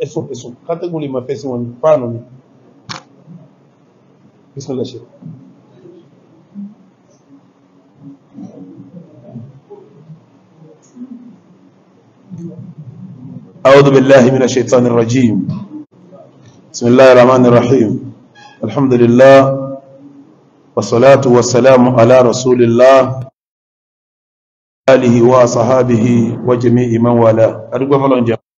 eso, eso category ما فيس وان pano بسم الله شيخ أعوذ بالله من الشيطان الرجيم بسم الله الرحمن الرحيم الحمد لله والصلاة والسلام على رسول الله آله وصحابه وجميع wa والاه أرجو wala adúgbò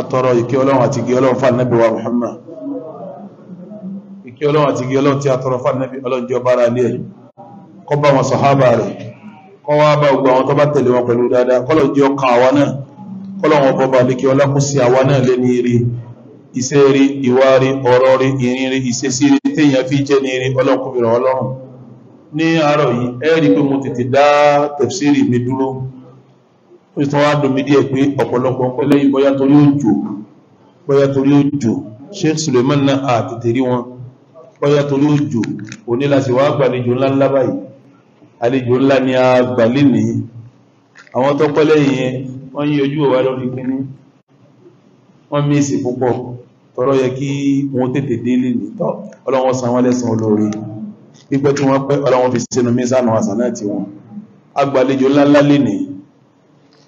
atọrọ ìkẹ́ ọlọ́run àti ìgẹ́ ọlọ́run fún ànábì wa Muhammad ìkẹ́ ọlọ́run àti ìgẹ́ ọlọ́run tí a tọrọ fún ànábì ọlọ́run jẹ́ ọba ara ilé ẹ̀ kó bá wọn sàhábà rẹ̀ kó wá bá gbogbo àwọn tó bá tẹ̀lé wọn pẹ̀lú dáadáa kọ́lọ̀ jẹ́ ọkàn àwa i pé mo tètè dá tẹ̀fsírì ó sì tún wá domi díẹ̀ pé ọ̀pọ̀lọpọ̀ pẹ́ lẹ́yìn bóyá torí òjò bóyá torí òjò Sheikh Suleiman náà àtètè rí wọn bóyá torí òjò òní la sì wá gbàlejò ńlá ńlá báyìí ńlá ni a gbà lénìí àwọn tó pẹ́ lẹ́yìn yẹn wọ́n yí ojú òwá lórí kínní wọ́n mí ìsìn e púpọ̀ tọrọ yẹ kí wọ́n tètè dé lénìí tọ́ ọlọ́wọ́n san wọ́n lẹ́sàn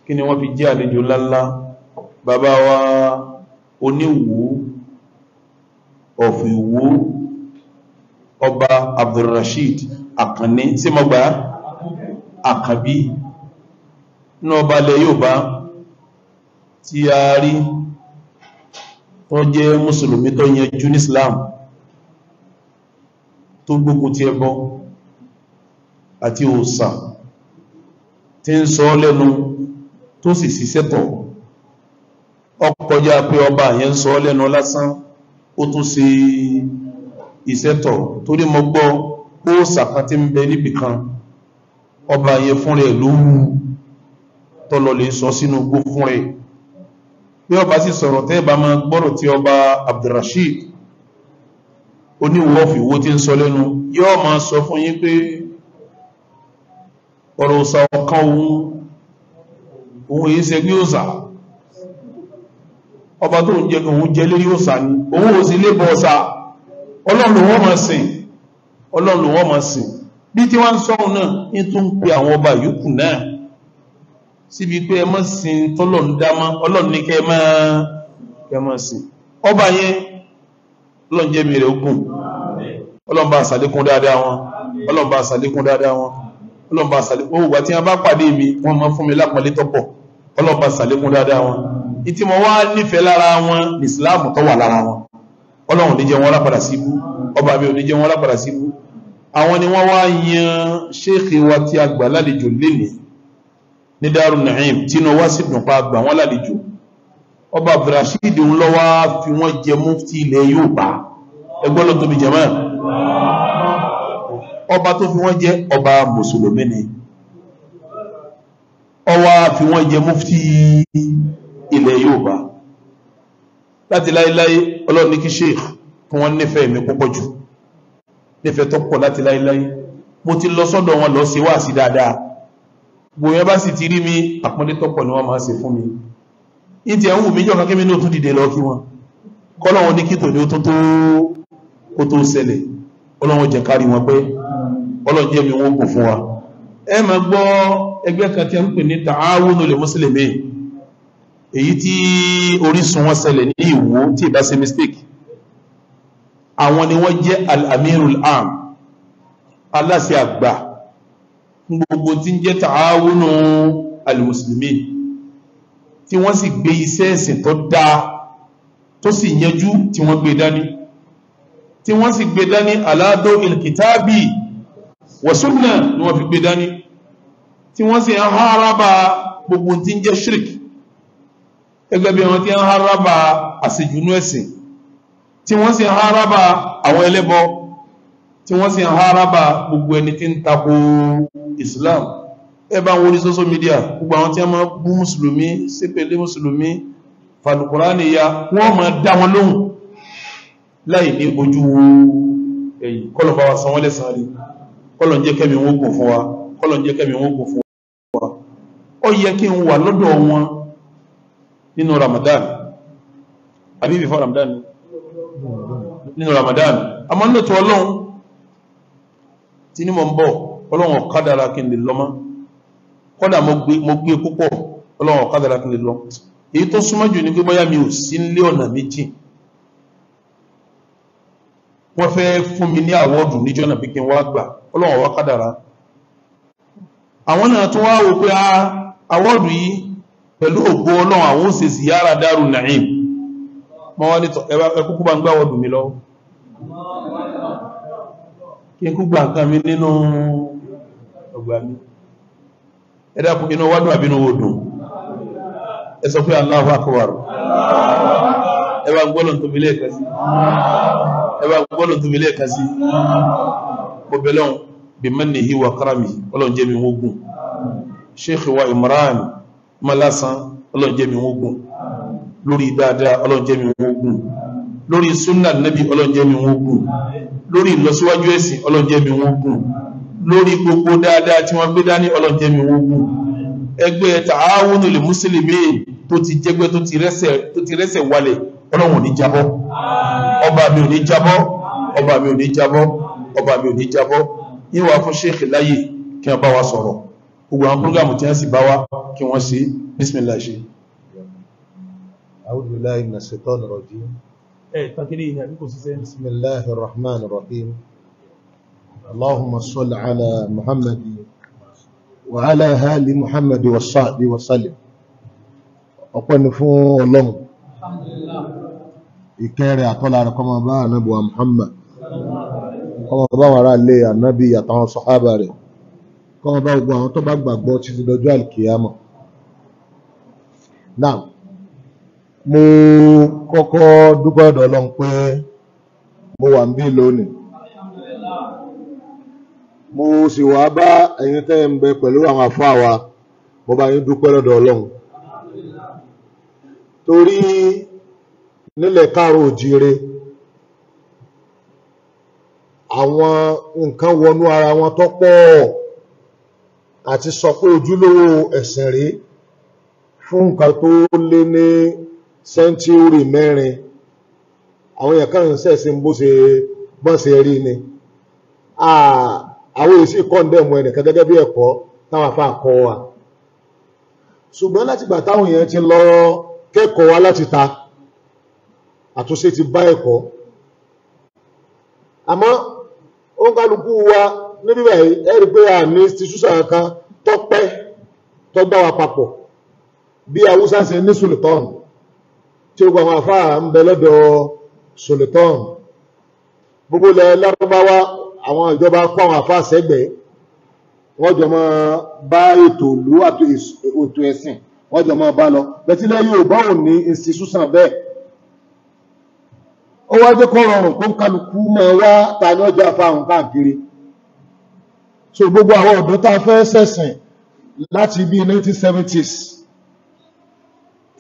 kí ni wọ́n fi jẹ́ àlejò ńláńlá bàbá wa oníwò ọ̀fù ìwò ọba abdulrasheed àkànní tí mo gbà àkànbí ní ọba ilẹ̀ yorùbá tí a rí tó jẹ́ mùsùlùmí tó yẹjú ní islam tó gbógun ti ẹbọ àti òòṣà tí ń sọ lẹ́nu tó sì ṣiṣẹ́ tọ̀ ọkọjá pé ọba yẹn sọ lẹ́nu lásán ó tún ṣe iṣẹ́ tọ̀ torí mo gbọ́ ó sàkántí ń bẹ níbì kan ọba yẹn fún rẹ̀ ló wú tọ́lọ lè sọ sínú gbó fún rẹ̀ bí ọba sì sọ̀rọ̀ tẹ́ bá máa gbọ́rọ̀ tí ọba Abdulrasheed oníwọ̀ fìwó tí ń sọ lẹ́nu yóò máa sọ fún yín pé ọ̀rọ̀ ọ̀sà ọ̀kan òun òun èyí ṣe bí òsà ọba tó ń jẹ òun jẹ lérí òsà ni òun ò sí lébọ ọsà ọlọ́run wọ́n máa sìn ọlọ́run wọ́n máa sìn bí tí wọ́n ń sọ́run náà ní tó ń pe àwọn ọba yòókù náà síbi pé ẹ má sìn dámá ọlọ́run ní kẹ́ máa ọba yẹn ọlọ́run jẹ́ mi rẹ̀ ogun ọlọ́run bá ṣàlékún dáadáa wọn ọlọ́run bá ṣàlékún dáadáa wọn ọlọ́run bá ṣàlékún ọlọ́ba sàlékún dáadáa wọn ìtí mo wá nífẹ̀ẹ́ lára wọn ní ìsìláàmù tó wà lára wọn ọlọ́run níjẹ wọn lápadà síbú ọba mi ò níjẹ wọn lápadà síbú àwọn ni wọ́n wá yan ṣéèkì wa tí a gbà lálejò lénìí ní Daaru Naim tínú wá sì dùn pa àgbà wọn lálejò ọba abdulrasheed ń lọ wá fi wọn jẹ mufti ilẹ̀ Yorùbá ẹgbọ́n ló tóbi jẹ mọ́ ọba tó fi wọn jẹ ọba mùsùlùmí ni ọwọ́ fi wọ́n jẹ mufti ilẹ̀ Yorùbá láti láéláé ọlọ́run ní kí sheikh kí wọ́n nífẹ̀ẹ́ mi púpọ̀ jù nífẹ̀ẹ́ tó pọ̀ láti láéláé mo ti lọ sọ́dọ̀ wọn lọ sí wáàsí dáadáa gbòòyàn bá sì ti rí mi àpọ́nlé tó pọ̀ ni wọ́n máa ń ṣe fún mi ní ti ẹ̀hún mi jọ̀kan kémi náà tún dìde lọ kí wọn kọ́lọ́wọ́n ní kí tòní ó tó ó tó ṣẹlẹ̀ ọlọ́run jẹ́ kárí wọn pé ọlọ́run mi wọ́n kò fún wa ẹ máa gbọ́ ẹgbẹ́ kan tí a ń pè ní ta'awunul muslimin èyí tí orísun wọn ṣẹlẹ̀ ní Ìwó tí ìbá ṣe mistake àwọn ni wọ́n jẹ́ al-amirul am aláṣẹ àgbà gbogbo tí ń jẹ́ ta'awunu al-muslimin tí wọ́n sì gbé iṣẹ́ ẹ̀sìn tó dáa tó sì yanjú tí wọ́n gbé dání tí wọ́n sì gbé dání aládó ilkitabi wa ni wọ́n fi gbé dání tí wọ́n sì ń hárábà gbogbo tí ń jẹ́ ṣíríkì gẹ́gẹ́ bí wọ́n ti ń hárábà àṣejùnú ẹ̀sìn tí wọ́n sì ń hárábà àwọn ẹlẹ́bọ tí wọ́n sì ń hárábà gbogbo ẹni tí ń tako Islam ẹ bá wọn ní social media gbogbo àwọn tí wọ́n máa bú mùsùlùmí ṣépèlé mùsùlùmí fàlùkùrá nìyà wọ́n máa dá wọn lóhùn láì ní ojú ẹ̀yìn kọ́lọ̀ bá wa san wọ́n lẹ́san rí kọ́lọ̀ ń jẹ́ kẹ́mi wọ́n gùn fún wa kọ́lọ̀ ń jẹ́ kẹ́mi wọ́n gùn fún wa ó yẹ kí n wà lọ́dọ̀ wọn nínú Ramadan àbí Ramadan nínú Ramadan a nínú tó ọlọ́run tí ní mọ̀ ń bọ̀ ọlọ́run kí n lè lọ́mọ́ kọ́dà mo gbé púpọ̀ ọlọ́run kí n lè lọ èyí tó súnmọ́ jù ní mi ò sí nílé ọ̀nà méjì wọ́n fẹ́ fún mi ní àwọ́dù níjọ́ náà bí kí n wá gbà ọlọ́run ọ̀kádàra àwọn náà tún wá ah, àwọ́dù yìí pẹ̀lú ògbó ọlọ́run àwọn òsè sí yára dárù Naim mọ́ wá nítọ̀ ẹkùkù bá ń gbá wọ́dù mi lọ kí n kú gbà nǹkan mi nínú ọgbà mi ẹ dákun inú wádùn àbínú odùn ẹ sọ pé Allahu Akbar ẹ bá gbọ́lọ̀ tó mi lẹ́ẹ̀kan sí bí mẹ́ni híwà káràmì ọlọ́run jẹ́ sheikh wa imran malasan ọlọ́njẹ́mi ogun lórí dáadáa ọlọ́njẹ́mi ogun lórí sunna nabi ọlọ́njẹ́mi ogun lórí ìlọsíwájú ẹ̀sìn ọlọ́njẹ́mi ogun lórí gbogbo dáadáa tí wọ́n gbé dání ọlọ́njẹ́mi ogun ẹgbẹ́ tààwùnù lè mùsùlùmí tó ti jẹ́gbẹ́ tó ti rẹ́sẹ̀ wálẹ̀ ọlọ́run ò ní jábọ́ ọba mi ò ní jábọ́ ọba mi ò ní jábọ́ ọba mi ò fún sheikh láyè kí wọ́n bá wa sọ̀rọ̀ gbogbo àwọn púrógámù tí wọ́n sì bá wá kí wọ́n ṣe bísmìlá ṣe أعوذ بالله من الشيطان الرجيم بسم الله الرحمن الرحيم اللهم صل ala محمد وعلى آل محمد والصحب وسلم ọpẹ́ ni fún Ọlọ́run ìkẹrẹ àtọ́lá rẹ̀ kọ́mọ bá ànábì Muhammad kọ́mọ bá wọn ará ilé ànábì àtàwọn sọ̀hábà rẹ̀ kọ́mọ bá gbogbo àwọn tó bá gbàgbọ́ títí dọjọ́ àlùkìyàmọ̀ now mo kọ́kọ́ dúpẹ́ ọ̀dọ̀ Ọlọ́run pé mo wà ń bí lónìí mo sì wá bá ẹ̀yin tẹ́ ń bẹ pẹ̀lú àwọn àfáà wa mo bá yín dúpẹ́ lọ́dọ̀ Ọlọ́run torí nílẹ̀ káàrọ̀ òjíire àwọn nǹkan wọnú ara wọn tó pọ̀ àti sọ pé ojúlówó ẹ̀sìn rèé fún nǹkan tó lé ní sẹ́ńtúrì mẹ́rin àwọn èèyàn kan ń bó ṣe bọ́n ṣe rí ni àwọn èsì kọ́ndẹ̀mù ẹnìkan gẹ́gẹ́ bí ẹ̀kọ́ táwọn afá kọ́ wa ṣùgbọ́n láti gbà táwọn èèyàn ti lọ kẹ́kọ̀ọ́ wa láti ta àtúnṣe ti bá ẹ̀kọ́ àmọ́ ó kálukú wa níbí báyìí ẹ rí i pé a ní institution kan tọ́pẹ́ tọ́gbà wa papọ̀ bí haúsá ṣe ní sultan tí ó gba àwọn àfáà ń bẹ lọ́dọ̀ sultan gbogbo ilẹ̀ lárúbáwá àwọn ìjọba kó àwọn àfáà sẹ́gbẹ̀ẹ́ wọ́n jọ máa bá ètò ìlú àti ètò ẹ̀sìn wọ́n jọ máa bá lọ bẹ̀tílẹ̀ Yorùbá ò ní institution bẹ́ẹ̀ ó wá jẹ́ rọrùn kó kálukú máa wá ta ní ọjà fáwọn káàkiri so gbogbo àwọn ọ̀dọ́ tá a fẹ́ ṣẹ̀sìn láti bí 1970s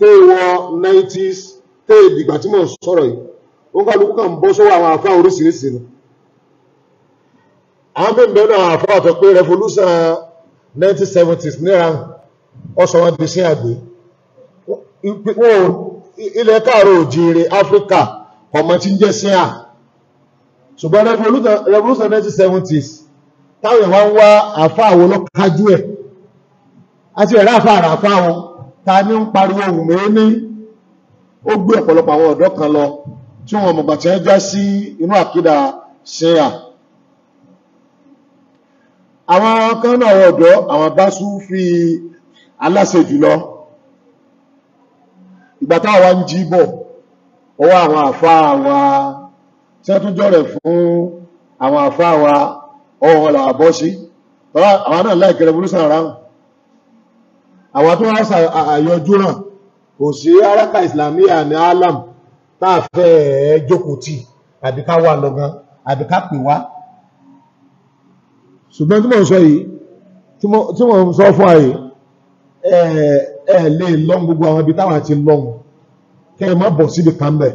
téèwọ 90s téèdì ìgbà tí mò ń sọ̀rọ̀ yìí ó ń kálukú kàn bọ́ sọ́wọ́ àwọn àfá oríṣiríṣi ni àwọn bí bẹ́ẹ̀ náà àfá àtọ́ pé revolution 1970s níra ọ̀sán wọn di sí àgbẹ̀ ilẹ̀ káàrọ̀ òjìire Áfíríkà kọ̀mọ́ tí ń jẹ́ sí à ṣùgbọ́n revolution 1970s táwọn ìwá ń wá àfáà wọn lọ kájú ẹ̀ àti ẹ̀rá àfáàrà àfáà wọn ta ní ń pariwo ohun mẹ́rin ní ó gbé ọ̀pọ̀lọpọ̀ àwọn ọ̀dọ́ kan lọ tí wọn mọ̀gbà tí wọ́n já sí inú àkídà ṣíyà àwọn kan náà àwọn ọ̀dọ́ àwọn bá sún fi aláṣẹ jùlọ ìgbà táwọn wá ń jí bọ̀ ọwọ́ àwọn àfáà tí wọ́n tún jọ̀rẹ̀ fún àwọn àfáà ọ̀hún làwọn àbọ̀ ṣe tọ́lá àwọn náà láì kẹrẹ burúkú sàrà hàn àwọn tó wá sà àyọjú náà kò sí haraka islamiyya ní alam tá a fẹ́ ẹ̀ jókòó tì àbí ká wà lọ́gán àbí ká pè wá ṣùgbọ́n tí mò ń sọ yìí tí mò ń sọ fún àyè ẹ ẹ lè lọ́n gbogbo àwọn ibi táwọn àti lọ́n kẹ́ ẹ má bọ̀ síbi kan bẹ̀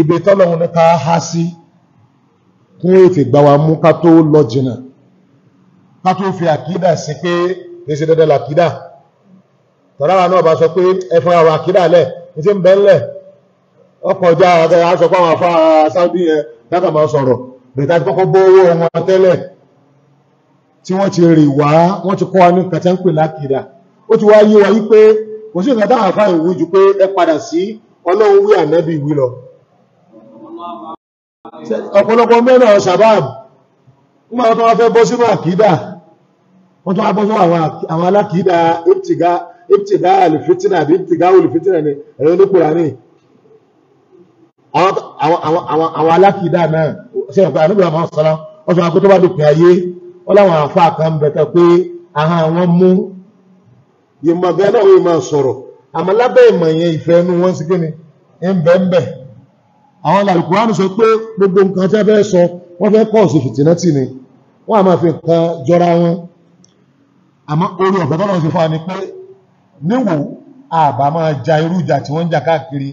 ibi tọ́lọ́run ní ká há sí. Si kí ó fi gbà wá mú ká tó lọ jìnà ká tó fi àkídà sí pé léṣe dandan làkídà tọ́lára náà bá sọ pé ẹfún àwọn àkídà lẹ̀ ní tí ń bẹ́ ńlẹ̀ ọkọ̀ ọjà àgbẹ̀ aṣọ fáwọn afá sáúdí yẹn dákà máa sọ̀rọ̀ bẹ̀rẹ̀ tá ti kọ́kọ́ bó owó wọn tẹ́lẹ̀ tí wọ́n ti rì wá wọ́n ti kọ́ wa ní nǹkan tí ń pè lákìdá ó ti wá yé wa yí pé kò sí nǹkan táwọn afá ìwú ju pé ẹ padà sí ọlọ́run wí ànábì wí lọ ọ̀pọ̀lọpọ̀ mẹ́rin ṣàbáàbù wọ́n máa tó wá fẹ́ bọ́ sínú àkídà wọ́n tó wá bọ́ sínú àwọn alákìídà ìpìtìgá àlìfitìnà àbí ìpìtìgá olùfitìnà ni ẹ̀rọ onípòrà ní àwọn alákìídà náà ṣe ọ̀pẹ́ àníbìrà máa sọ́lá wọ́n sọ akó tó bá dùpin ayé wọ́n láwọn àfa kan bẹ̀tẹ̀ pé ahọ́n àwọn mú ìmọ̀ bẹ́ẹ̀ náà wọ́n máa sọ̀rọ̀ àmọ́ lábẹ́ ìmọ̀ yẹn ìfẹ́ inú wọn sí kí ni ń bẹ́ẹ̀ bẹ́ẹ̀ àwọn alàlùkùránù sọ pé gbogbo nǹkan tẹ́ fẹ́ sọ wọ́n fẹ́ kọ́ọ̀sì fìtínátì ni wọ́n a máa fi nǹkan jọra wọn àmọ́ orí ọ̀fẹ́ tọ́lọ́ sí fún wa ni pé níwò àbá máa ja irú ìjà tí wọ́n ń jà káàkiri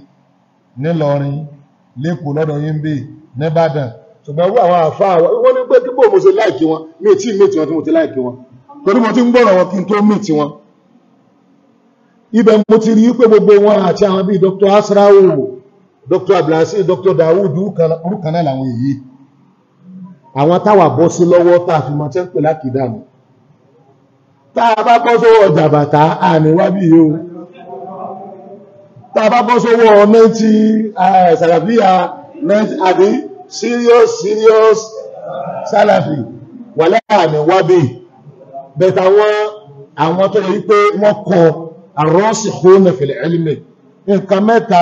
nílọrin lẹ́kọ̀ọ́ lọ́dọ̀ yín bè nìbàdàn ṣùgbọ́n irú àwọn àfáà wọ́n ní pé kíbò mo ṣe láìkí wọn mi ò tí ì mìtì wọn tí mo ti láìkí wọn torí mo ti ń gbọ́rọ̀ wọn kí n tó mìtì wọn ibẹ̀ mo ti rí pé gbogbo wọn àti àwọn bíi Dr. Asrawo dr abdulhasi dr dawud orúkọ náà làwọn èyí àwọn táwà bọ́ sí lọ́wọ́ tá a fi mọ̀ tẹ́ ń pè tá a bá bọ́ sówọ́ ọjà àníwábí yìí o tá a bá bọ́ sówọ́ mẹ́tì sàlàfíà mẹ́tì àbí serious serious sàlàfì wà láàánú wábí bẹ̀tà wọn àwọn tó yẹ wípé wọ́n kọ àrọ́sì hónà fil ilmi nǹkan mẹ́ta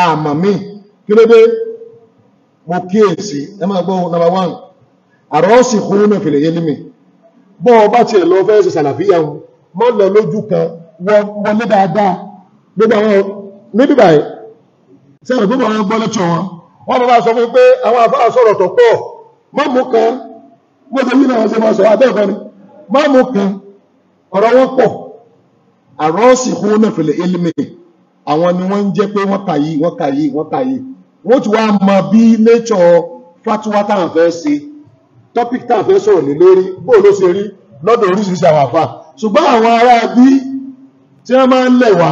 àmọ̀ míì kí ló dé mo kíyèsí ẹ máa gbọ́ nàbà wán àrọ́ọ̀sì kúrúnà fìlẹ̀ yé límì bọ́ ọba tí ẹ̀ lọ fẹ́ ṣe sàlàfíà wọn mọ́ lọ lójú kan wọlé dáadáa gbogbo àwọn níbi báyìí sẹ́yìn gbogbo àwọn gbọ́ lẹ́tọ̀ wọn wọ́n bá sọ fún pé àwọn afárá sọ̀rọ̀ tó pọ̀ mọ́ mú kan gbogbo yìí náà ṣe máa sọ abẹ́ẹ̀kọ́ ni mọ́ mú kan ọ̀rọ̀ wọn pọ̀ àrọ́ọ̀sì kúrúnà fìlẹ̀ yé límì àwọn ni wọ́n ń jẹ́ pé wọ́n kà yìí wọ́n kà yìí wọ́n kà yìí wọ́n ti wá mọ bí nature fatuwa táwọn fẹ́ ṣe topic táwọn fẹ́ sọ̀rọ̀ ní lórí bó ló ṣe rí lọ́dọ̀ oríṣiríṣi àwọn àfà ṣùgbọ́n àwọn ará bí tí wọ́n máa ń lẹ̀ wá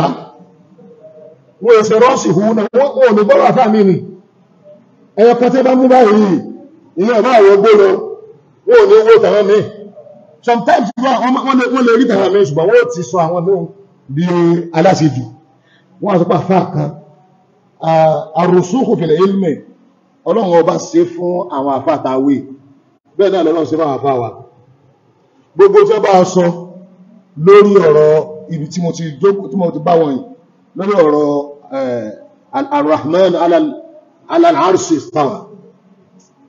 wọ́n èsè rọ́ọ̀ṣì hù náà wọ́n kò ní bọ́rọ̀ àfà mi nì ẹ̀yọ kan tí wọ́n bá mú báyìí ilé ọ̀bá àwọn ogbó lọ wọ́n ò ní owó tàwọn míì sometimes wọ́n lè rí tàwọn míì ṣùgbọ́n wọ́n ti sọ àwọn míì di aláṣejù wọ́n àsopọ̀ àfá kan àrùsùkù fìlẹ̀ ilmẹ̀ ọlọ́run ọba ṣe fún àwọn àfá àtàwé bẹ́ẹ̀ náà lọ́lọ́run ṣe fún àwọn àfá wa gbogbo tí wọ́n bá sọ lórí ọ̀rọ̀ ibi tí mo ti jókòó tí mo ti bá wọn lórí ọ̀rọ̀ arahman alalarsi stawa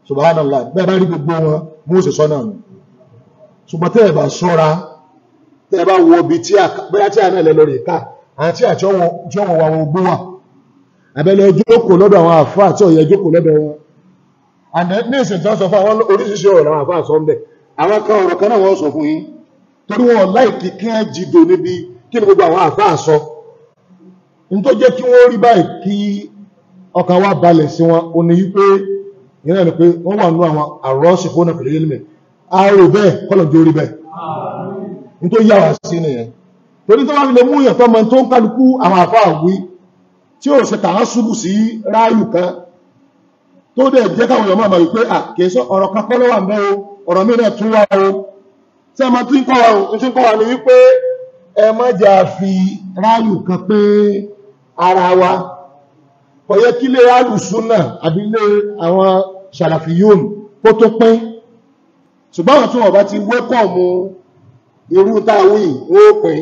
subhanallah bẹ́ẹ̀ bá rí gbogbo wọn mú sì sọ náà ṣùgbọ́n tẹ́ ẹ̀ bá ṣọ́ra tẹ́ ẹ bá wọ ibi tí a bóyá tí a náà lẹ lórí ká àti àti ọwọ́ wa ogbó wà àbẹ́lẹ̀ ojókòó lọ́dọ̀ àwọn àfáà àti ọ̀yẹ jókòó lọ́dọ̀ wọn and ní ìsìntán sọ fún àwọn oríṣiríṣi ọ̀rọ̀ àwọn àfáà sọ ń bẹ̀ àwọn kan ọ̀rọ̀ kan náà wọ́n sọ fún yín torí wọn láìkí kí wọ́n jìdò níbi kí ni gbogbo àwọn àfáà sọ n tó jẹ́ kí wọ́n rí báyìí kí ọkàn wa balẹ̀ sí wọn ò ní pé ìyẹn pé wọ́n wà nú àwọn àrọ́ọ̀ṣì fún ọ̀nà pẹ̀lú yẹn torí tó bá fi lè mú èèyàn tọ́mọ tó ń kálukú àwọn àfá ògbé tí ó ṣe tàá ṣubù sí ráàyù kan tó dẹ̀ jẹ́ káwọn èèyàn máa wípé à kìí ọ̀rọ̀ kan kọ́ lọ́wà mẹ́ o ọ̀rọ̀ mìíràn tún wá o tí a máa tún kọ́ wa o tún kọ́ wa ní wípé ẹ má jà fi ráàyù kan pé ara wa kò yẹ kí lè ráàyù súnà àbí lè àwọn ṣàlàfíyùn kó tó pín ṣùgbọ́n àwọn tí wọ́n bá ti wẹ́kọ̀ mu irú táwọn yìí pín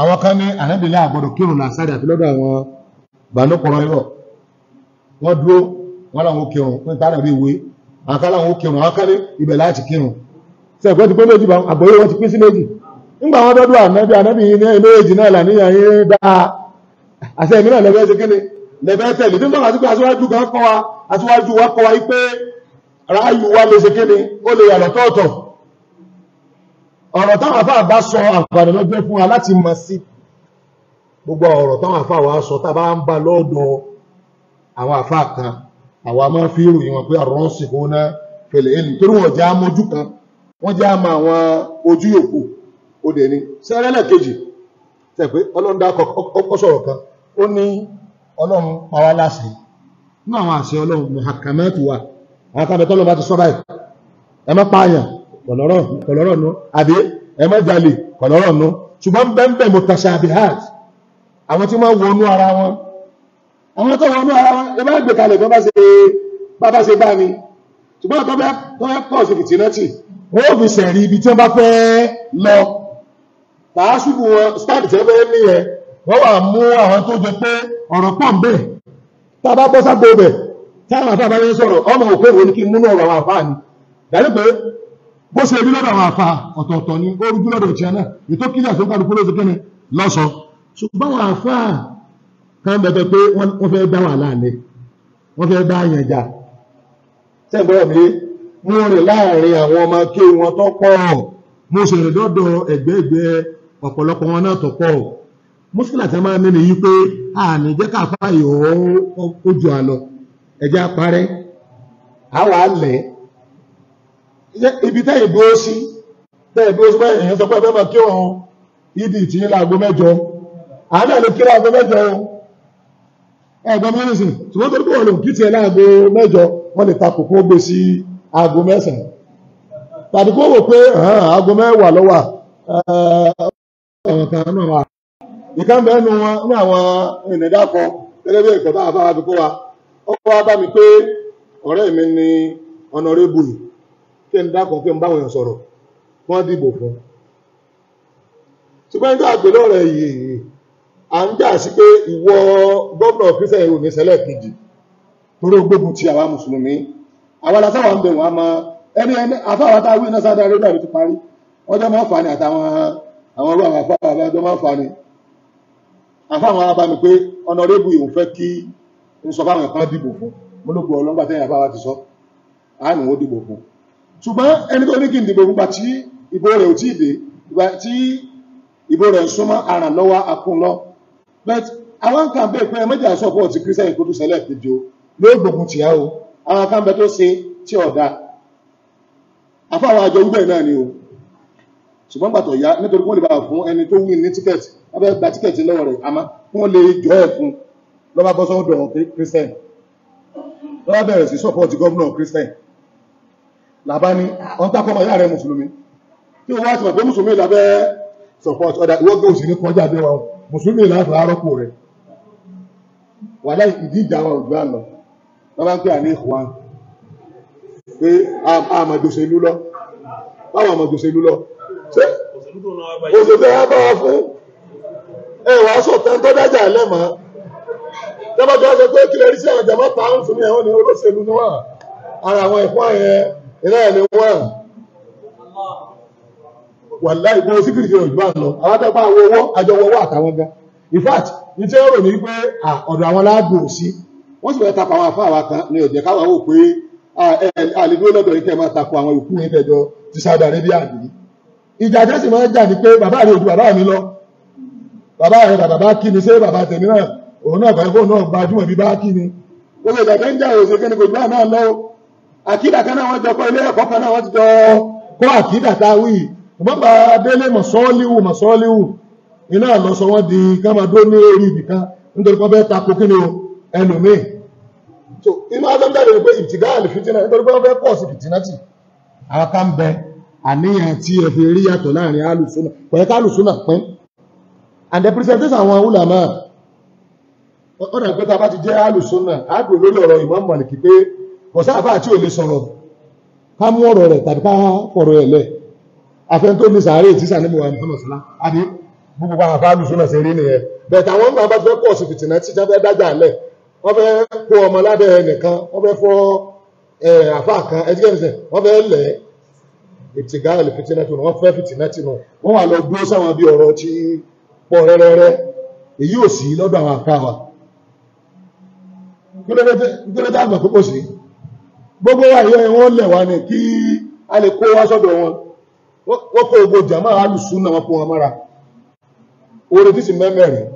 àwọn kan ní àrẹ́bìnrin àgbọ̀dọ̀ kírun làásàrì àti lọ́dọ̀ àwọn bàánúkọ̀rọ̀ irọ́ wọ́n dúró wọ́n láwọn ó kírun pín tààrà bí ìwé àwọn kan láwọn ó kírun àwọn kan ní ibẹ̀ láti kírun ṣe ẹ̀kọ́ ti pé méjì bá àgbọ̀yé wọn ti pín sí méjì nígbà wọn dọ́dọ̀ ní àṣẹ lẹ́bẹ̀ẹ́ ṣe ọ̀rọ̀ táwọn àfáà bá sọ àǹfààní ló gbé fún wa láti mọ̀ sí gbogbo ọ̀rọ̀ táwọn àfáà wa sọ tá a bá ń bá lọ́dọ̀ àwọn àfáà kan àwa máa fi ròyìn wọn pé àrùn sì kó ná fèlè ẹni torí wọn jẹ́ amójú kan wọ́n jẹ́ àmọ́ àwọn ojú yòókù ó dẹ̀ ni sẹ́rẹ́lẹ̀ kejì tẹ̀ pé ọlọ́run ọkọ̀ sọ̀rọ̀ kan ó ní ọlọ́run pa láṣẹ nínú àṣẹ ọlọ́run muhammadu wa àwọn akábẹ́tọ́ bá ti sọ báyìí ẹ má pààyàn kọ̀lọ́rọ̀ nú àbí ẹ má jalè kọ̀lọ́rọ̀ nú ṣùgbọ́n bẹ́ẹ̀ mutashabihat àwọn tí wọ́n wọnú ara wọn àwọn tó wọnú ara wọn ẹ bá gbé kalẹ̀ bá bá ṣe bá bá ṣe bá ni ṣùgbọ́n àtọ́ bẹ́ẹ̀ tó yẹ pọ̀ sí fìtínátì wọ́n ò fi sẹ̀rí ibi tí wọ́n bá fẹ́ lọ tàásùkù wọn stáàdì tí wọ́n fẹ́ ní yẹn wọ́n wà mú àwọn tó jẹ pé ọ̀rọ̀ pọ̀ ń bẹ̀ tá a bá bọ́ sábò bẹ̀ táwọn àtàwọn bá yẹn sọ̀rọ̀ ọmọ òkú èwo ni kí n múnú ọ̀rọ̀ àwọn àfáà ni dàbí pé bó ṣe rí lọ́dọ̀ àwọn àfa ọ̀tọ̀ọ̀tọ̀ ni ó rújú lọ́dọ̀ ìtìyà náà ètò kílẹ̀ tó kálukú ló ṣe kíni lọ́sọ ṣùgbọ́n àwọn àfa kan bẹ̀bẹ̀ pé wọ́n fẹ́ dá wà láàlẹ́ wọ́n fẹ́ dá àyàn jà sẹ́gbọ́n mi mú rìn láàrin àwọn ọmọ kí wọn tó pọ̀ mo sì rìn lọ́dọ̀ ẹ̀gbẹ́ẹ̀gbẹ́ ọ̀pọ̀lọpọ̀ wọn náà tó pọ̀ mọ́sílà tí a máa nínú yí pé àmì jẹ́ káfáyò ojú àlọ́ ẹ̀jẹ̀ apárẹ́ àwọn àlẹ́ ibi tẹ́ ìdúró sí tẹ́ ìdúró sí báyìí èèyàn sọ pé ẹ fẹ́ máa kí òun ìdí tí ń láago mẹ́jọ àánú ẹ̀ ló kí láago mẹ́jọ ẹ̀gbọ́n mi nìsín ṣùgbọ́n tó dúró lò kí tiẹ̀ láago mẹ́jọ wọ́n lè takò kó gbé sí aago mẹ́sàn-án tàbí kó wò pé aago mẹ́wàá lọ́wà ọ̀rọ̀ kan náà wà ìkan bẹ́ẹ̀ nu wọn ní àwọn ènìyàn kan gẹ́gẹ́ bí ìkọ̀tà àfáwà fi kó wa ó wá bá mi pé ọ̀rẹ́ mi ni ọ̀nà rébùlù kí n dákun kí n báwọn èèyàn sọ̀rọ̀ wọ́n dìbò fún un ṣùgbọ́n nígbà àgbélé ọ̀rọ̀ yìí à ń jà sí pé ìwọ gómìnà pínṣẹ́ yìí ò ní sẹ́lẹ̀ kejì torí gbógun ti àwa mùsùlùmí àwa la sáwọn bẹ̀rù wa máa ẹni ẹni àfáwọn tá a wí náà sáré rédíò àbí ti parí wọ́n jọ máa ń fà ní àtàwọn àwọn ọlọ́run àfáwọn àbá jọ máa ń fà ní àfáwọn arábá mi pé ọ̀nàrẹ́bù yìí ò fẹ́ kí n sọ fáwọn ẹ̀kọ́ dìbò fún mo ló gbọ́ ọlọ́ngbà tẹ́yìn àfáwọn ti sọ àánú ó dìbò fún ṣùgbọ́n ẹni tó ní kí n dìbò gbogbo tí ìbò rẹ̀ ò tí ì dé ìgbà tí ìbò rẹ̀ ń súnmọ́ ara lọ́wọ́ akún lọ but àwọn kan bẹ́ẹ̀ pé ẹmẹ́jà sọ́pọ̀ ti kírísẹ́ ìkótó sẹ́lẹ̀ kejì o ló gbógun tìyà o àwọn kan bẹ́ẹ̀ tó ṣe tí ọ̀dà àfáwọn àjọ wúbẹ̀ náà ni o ṣùgbọ́n gbàtọ̀ ya nítorí wọ́n lè bá fún ẹni tó win ní tíkẹ̀tì wọ́n fẹ́ gba tíkẹ̀tì lọ́wọ́ rẹ̀ àmọ́ wọ́n lè jọ ẹ̀ fún lọ́ba bọ́sọ́dọ̀ kírísẹ́ lọ́ba bẹ̀rẹ̀ sí sọ́pọ̀ ti làbá ní ọ̀n tá kọ́mọ yára mùsùlùmí tí wọ́n wá sọ pé mùsùlùmí lábẹ́ support ọ̀dà ìwọ́gbẹ́ òsìrí kan jáde wa mùsùlùmí láti arọ́pò rẹ̀ wà láì ìdí ìjà wa ògbà lọ lọ́ba ń pè àní ìhùwà pé àmàdòsè ìlú lọ báwọn àmàdòsè ìlú lọ ṣé òṣèlú ẹ̀ bá wa fún ẹ̀ wàá sọ̀tẹ́ tó dájà lẹ́mọ̀ọ́ tẹ́bàjọ́ sọ pé kílẹ̀ rí sí àwọn jàmọ́ta ń fún mi àwọn ní olóṣèlú náà ara àwọn ẹ̀kọ́ yẹn iná ẹ̀ ní wọ́n wàlá ìgbòho síkìrì ti òjò àná àwọn owó àjọwọ́ owó àtàwọn gan in ní tí ó rò ní pé ọ̀dọ̀ àwọn aláàbò sí wọ́n sì mẹ́ta tapọ̀ àwọn kan ní wò pé àlejò lọ́dọ̀ yìí máa àwọn ti lọ bàbá rẹ̀ bàbá kí ni bàbá náà òun náà náà gbajúmọ̀ bí bá kí ni ìjà ń jà òṣèké ni kò àkídà kan náà wọ́n jọ kọ́ ilé ẹ̀kọ́ kan náà wọ́n ti jọ kọ́ àkídà táwí ọgbọ́gbà mọ̀sọ́ọ́líwù mọ̀sọ́ọ́líwù iná wọ́n di kámadó ní orí ibìkan nítorí tako kí ni so inú adámdáre pé ìtìgá àlè fìtínà nítorí pọ̀ sí fìtínà tì àwọn bẹ àníyàn rí yàtọ̀ láàrin alùsùnà pẹ̀lú kálùsùnà kò sáàfà tí ò lè sọ̀rọ̀ ká mú ọ̀rọ̀ rẹ̀ tàbí ká fọ̀rọ̀ ẹ̀ lẹ̀ afẹ́n tó ní sàárè tí sàníbù wa mọ̀ sọ́lá àbí gbogbo àwọn afáàlù sọ́nà sí rí nìyẹn bẹ̀tẹ̀ àwọn ọmọ bá fẹ́ pọ̀ sí fìtìnà tí jáfẹ́ dájà lẹ̀ wọ́n fẹ́ kó ọmọ lábẹ́ ẹnìkan wọ́n fẹ́ fọ́ àfáà kan ẹtíkẹ́sẹ̀ wọ́n fẹ́ lẹ̀ ìtìgá ìfìtìnà tí wọ́n fẹ́ fìtìnà tí wọ́n wà lọ dúró sáwọn bí ọ̀rọ̀ tí pọ̀ rẹ́rẹ́rẹ́ èyí ò sí lọ́dọ̀ àwọn àfáà wa kí ló dé àgbà púpọ̀ sí gbogbo wa yẹ wọn lẹ̀ wá ní kí a lè kó wá sọ́dọ̀ wọn wọ́n kó gbogbo jàmá alùsùn náà wọ́n kó wọn mọ́ra orí tí sì mẹ́mẹ́rin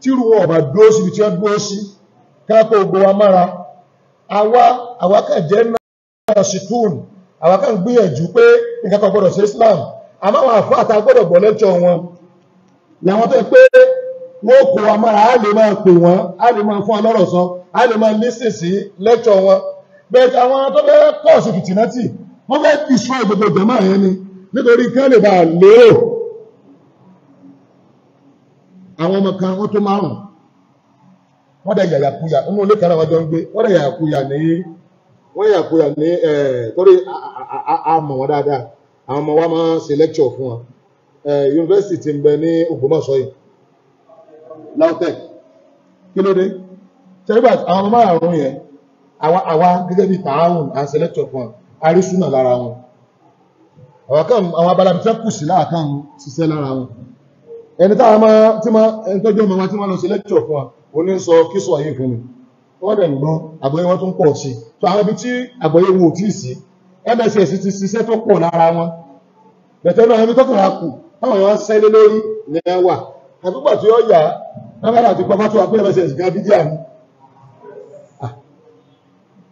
tírú wọn ọ̀bà dúró síbi tí wọ́n dúró sí káàkó wa mọ́ra àwa náà Islam àmọ́ àwọn àfọ́ lẹ́tọ̀ wọn làwọn tó pé wọ́n kó wa mọ́ra á lè máa pè wọ́n lè máa sọ a lè máa lísìn sí bẹ́ẹ̀ àwọn tó fẹ́ pọ̀ sí kìtìnátì wọ́n fẹ́ destroy gbogbo jàmá yẹn ni nítorí kán lè bá lérò àwọn ọmọ kan wọ́n tó márùn wọ́n dẹ̀ yàyàkuyà inú ilé kan àwọn jọ ń gbé wọ́n dẹ̀ yàyàkuyà ní wọ́n yàyàkuyà ní ẹ̀ torí àmọ̀ wọn dáadáa àwọn ọmọ wa máa ń ṣe lecture fún wọn yunifásitì ti ń bẹ ní Ògbómọ̀ṣọ́ yìí LAUTECH kí ló dé ṣẹ́gbà àwọn ọmọ márùn-ún yẹn àwa gẹ́gẹ́ bí tààrùn and selector fún àrísúnà lára wọn àwọn abalabi tẹ́ kù sí láàkán ṣiṣẹ́ lára wọn ẹni tàà máa tí máa ẹni tọ́jú ọmọ wa tí máa lọ selector fún oní sọ kíso ayé fún mi wọ́n dẹ̀ gbọ́n àgbọ́yé wọn tó ń pọ̀ sí tó àwọn ibi tí àgbọ́yé wo tí sí mss ti ṣiṣẹ́ tó pọ̀ lára wọn bẹ̀tẹ̀ náà ẹni tọ́kùnrin àkù táwọn èèyàn sẹ́lé lórí ní ẹwà àgbúgbà tí ó yà lábára àti pàpàtó àpé mss gan bídíà ni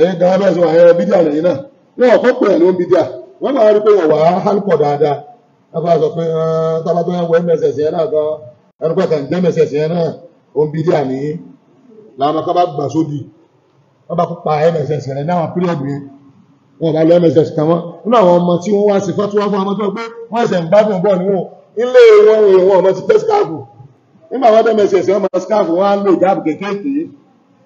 ẹ̀yin gaa abẹ́sọ ẹ̀yẹ bídíà lẹ́yìn náà wọn ò kọ́pọ̀ ẹ̀ ló ń bídíà wọn náà rí pé wọn wà á hálùkọ̀ dáadáa lápá sọ pé tábà tó ń wọ mss yẹn náà gan ẹnu pẹ́ kàn jẹ́ mss yẹn náà ó ń bídíà ní làwọn gbà sódì wọn bá pa náà wọn bá lọ nínú àwọn ọmọ tí wá sí fatuwa fún ń gbádùn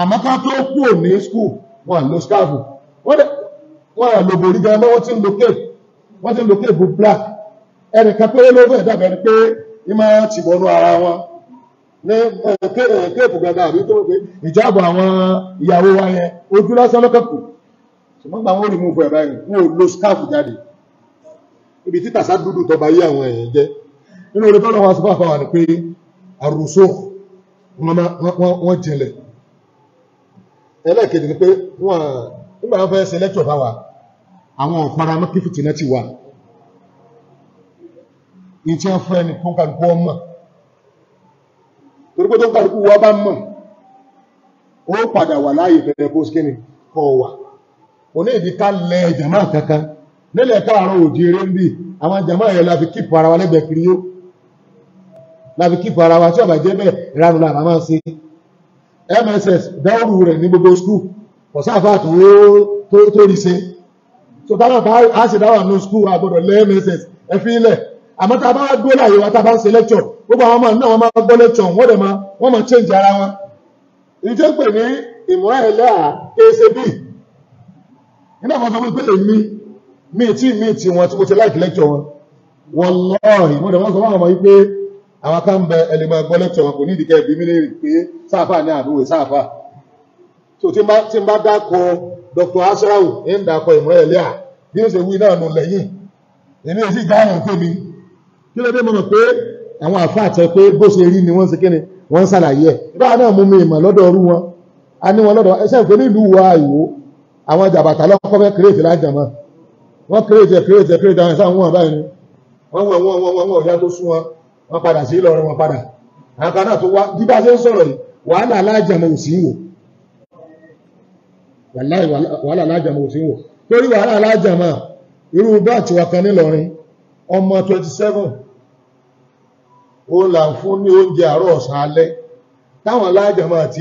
àmọ́ ká tó kú ò ní skúù wọn lo skáàfù wọ́n lo borí gan mọ́ wọ́n ti ń lo cape wọ́n ti ń lo cape black ẹnìkan pé ló fẹ́ dàbẹ̀ ni pé ní máa ti wọnú ara wọn ní eh, eh, cape gangan àbí tó pé ìjáàbọ̀ àwọn ìyàwó wa yẹn ojú lásán lọ́kọ̀kù ṣùgbọ́n gbà wọ́n rí mú fún ẹ̀ báyìí wọ́n ò lo skáàfù jáde ibi títà sá dúdú tọba yé àwọn èèyàn jẹ́ nínú orí tọ́lọ́wọ́n aṣọ fáfáwà ni pé àrùsọ wọn jẹlẹ̀ ẹlẹ́ẹ̀kejì ni pé wọ́n nígbà wọn fẹ́ ṣe lẹ́kítọ̀ bá wa àwọn ọ̀pára mọ́ kífìtì náà ti wà ní tí wọ́n fẹ́ ni kó kàlùkù wọn mọ̀ torí pé tó kàlùkù wọn bá mọ̀ ó padà wà láàyè bẹ̀rẹ̀ bó ṣe kọ́ wà òní ìdí ká lẹ jàmá kankan nílẹ̀ káàárọ̀ òjìire ń bì àwọn jàmá yẹn la fi kíp ara wa lẹ́gbẹ̀ẹ́ kiri yó la fi kíp ara wa tí ọ̀bàjẹ́ bẹ́ẹ̀ ìranù làrá máa ń ṣe mss dáwọ́rù rẹ̀ ní gbogbo skul kò sáfà tó rí ṣe so táwọn bá a ṣe dáwà ní skul àgbọ̀dọ̀ lẹ́ mss ẹ fi ilẹ̀ àmọ́ tá a bá dúró láàyè wa tá a bá ń ṣe lẹ́kṣọ̀ gbogbo àwọn ọmọ náà wọ́n máa gbọ́ lẹ́kṣọ̀ wọ́n dẹ̀ máa wọ́n máa change ara wọn ìjẹ́ pè ní ìmúra ẹ̀lẹ́ à acb iná kan sọ pé èmi mi tí mi tí wọn tí mo ti láìkì lẹ́kṣọ̀ wọn wọ́n lọ́ọ̀rì mo dẹ̀ wọ́n sọ fún àwọn ọmọ àwọn kan bẹ ẹlẹmọ ẹgbọ lẹtọ wọn kò ní ìdíkẹ ẹbí mi léèrè pé sáfà ní àbúwẹ sáfà tó tí n bá dákọ Dr. Asrau ń dákọ ìmúra ẹlẹ́à bí ó ṣe wí náà nù lẹ́yìn èmi ò sì dáhùn pé mi kí ló dé mọ̀ pé àwọn àfáà tẹ pé bó ṣe rí ni wọ́n ṣe kíni wọ́n ṣàlàyé ẹ̀ náà mú mi ìmọ̀ lọ́dọ̀ wọn a ní wọn lọ́dọ̀ wọ́n padà sí Ìlọrin wọn padà àwọn náà tó wá bí bá ń sọ̀rọ̀ wàhálà alájàmọ̀ ò sí wò wàhálà alájàmọ̀ ò wò torí wàhálà alájàmọ̀ ọmọ 27 ó là ń fún ní oúnjẹ àárọ̀ ọ̀sán alẹ́ táwọn alájàmọ̀ àti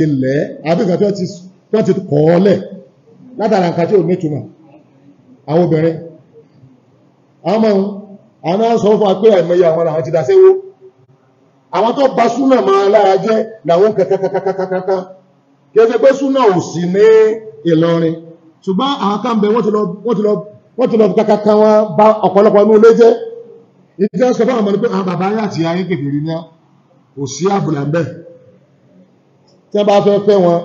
àwọn tó ba súnà máa lára jẹ́ làwọn kàkàkàkàkàkà kẹsẹ̀ pé súnà ò sí ní Ìlọrin ṣùgbọ́n àwọn kan bẹ wọ́n ti lọ kàkàkà wọn ba ọ̀pọ̀lọpọ̀ inú ilé jẹ́ ìdíjẹ́ sọ fún àwọn ọmọ ní pé àwọn bàbá ayé àti ayé kékeré ní kò sí àbùlà ń bẹ̀ tí wọ́n bá fẹ́ fẹ́ wọn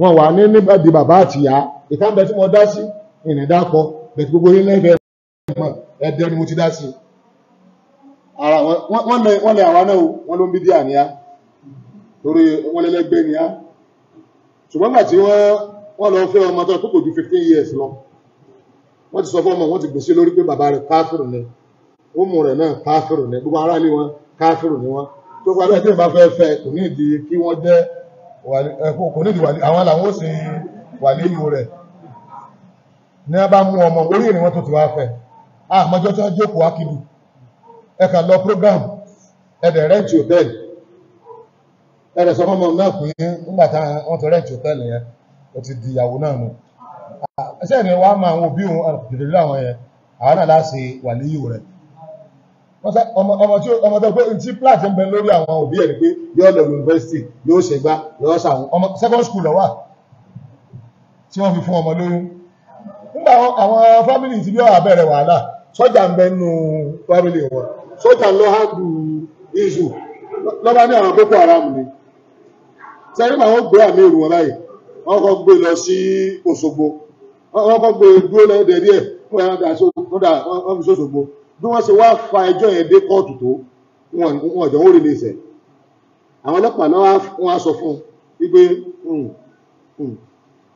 wọn wà ní níbàdí bàbá àti ìyá ìkàǹbẹ̀ tí wọ́n dá sí ìrìndàkọ bẹ̀tí gbogbo orílẹ̀-èdè ẹ̀dẹ́ ni mo ara wọn lẹ wọn lẹ àwa náà wọn ló ń bí díà níyà torí wọn lẹlẹgbẹ níyà ṣùgbọ́n gbà tí wọ́n wọ́n lọ fẹ́ ọmọ tó kó kò ju fifteen years lọ wọ́n ti sọ fún ọmọ wọ́n ti gbèsè lórí pé bàbá rẹ̀ káfíìrù ni ọmọ rẹ̀ náà káfíìrù ni gbogbo ará ilé wọn káfíìrù ni wọn tó gba bẹ́ẹ̀ tí ìbá fẹ́ fẹ́ kò ní ìdí kí wọ́n jẹ́ kò ní ìdí wàlí àwọn làwọn ó sì wàlí ìwò rẹ̀ ní wọ́n bá mú ọmọ orí ìrìn wọn tó ti wá fẹ́ àmọ́jọ́ tí wọ́n jókòó akídù ẹ kà lọ program ẹ dẹ̀ rẹ́ǹtì hòtẹ́ẹ̀lì ẹ dẹ̀ sọ fún ọmọ náà pé nígbà tí wọ́n ti rẹ́ǹtì hòtẹ́ẹ̀lì yẹn ó ti di ìyàwó náà nù ẹsẹ ni wàá máa àwọn òbí òun àpèjìlélú àwọn yẹn àwọn náà láti wà níyìí rẹ ọmọ tó pé tí plat ń bẹ lórí àwọn òbí ẹ̀ pé yóò lọ yunifásitì yóò ṣe gbá yóò ṣàwọn ọmọ second school lọ wà tí wọ́n fi fún ọmọ lóyún nígbà àwọn family ti bí wàá bẹ̀rẹ̀ wàhálà sọ́jà ń bẹ nínú family wọn sójà lọ hàndù izu lọ́ba ní àwọn boko haram ni sẹ́yìn àwọn gbé àmì èrò wọn láyè wọ́n kọ́ gbé lọ sí Òṣogbo wọ́n kọ́ gbé e dúró lẹ́dẹ̀ díẹ̀ fún ẹran dà sódà wọ́n fi sóṣogbo bí wọ́n ṣe wá fa ẹjọ́ yẹn dé kóòtù tó wọn ọ̀jọ̀ wọ́n rí lè sẹ̀ àwọn ọlọ́pàá náà wọ́n á sọ fún un wípé hmm, hmm,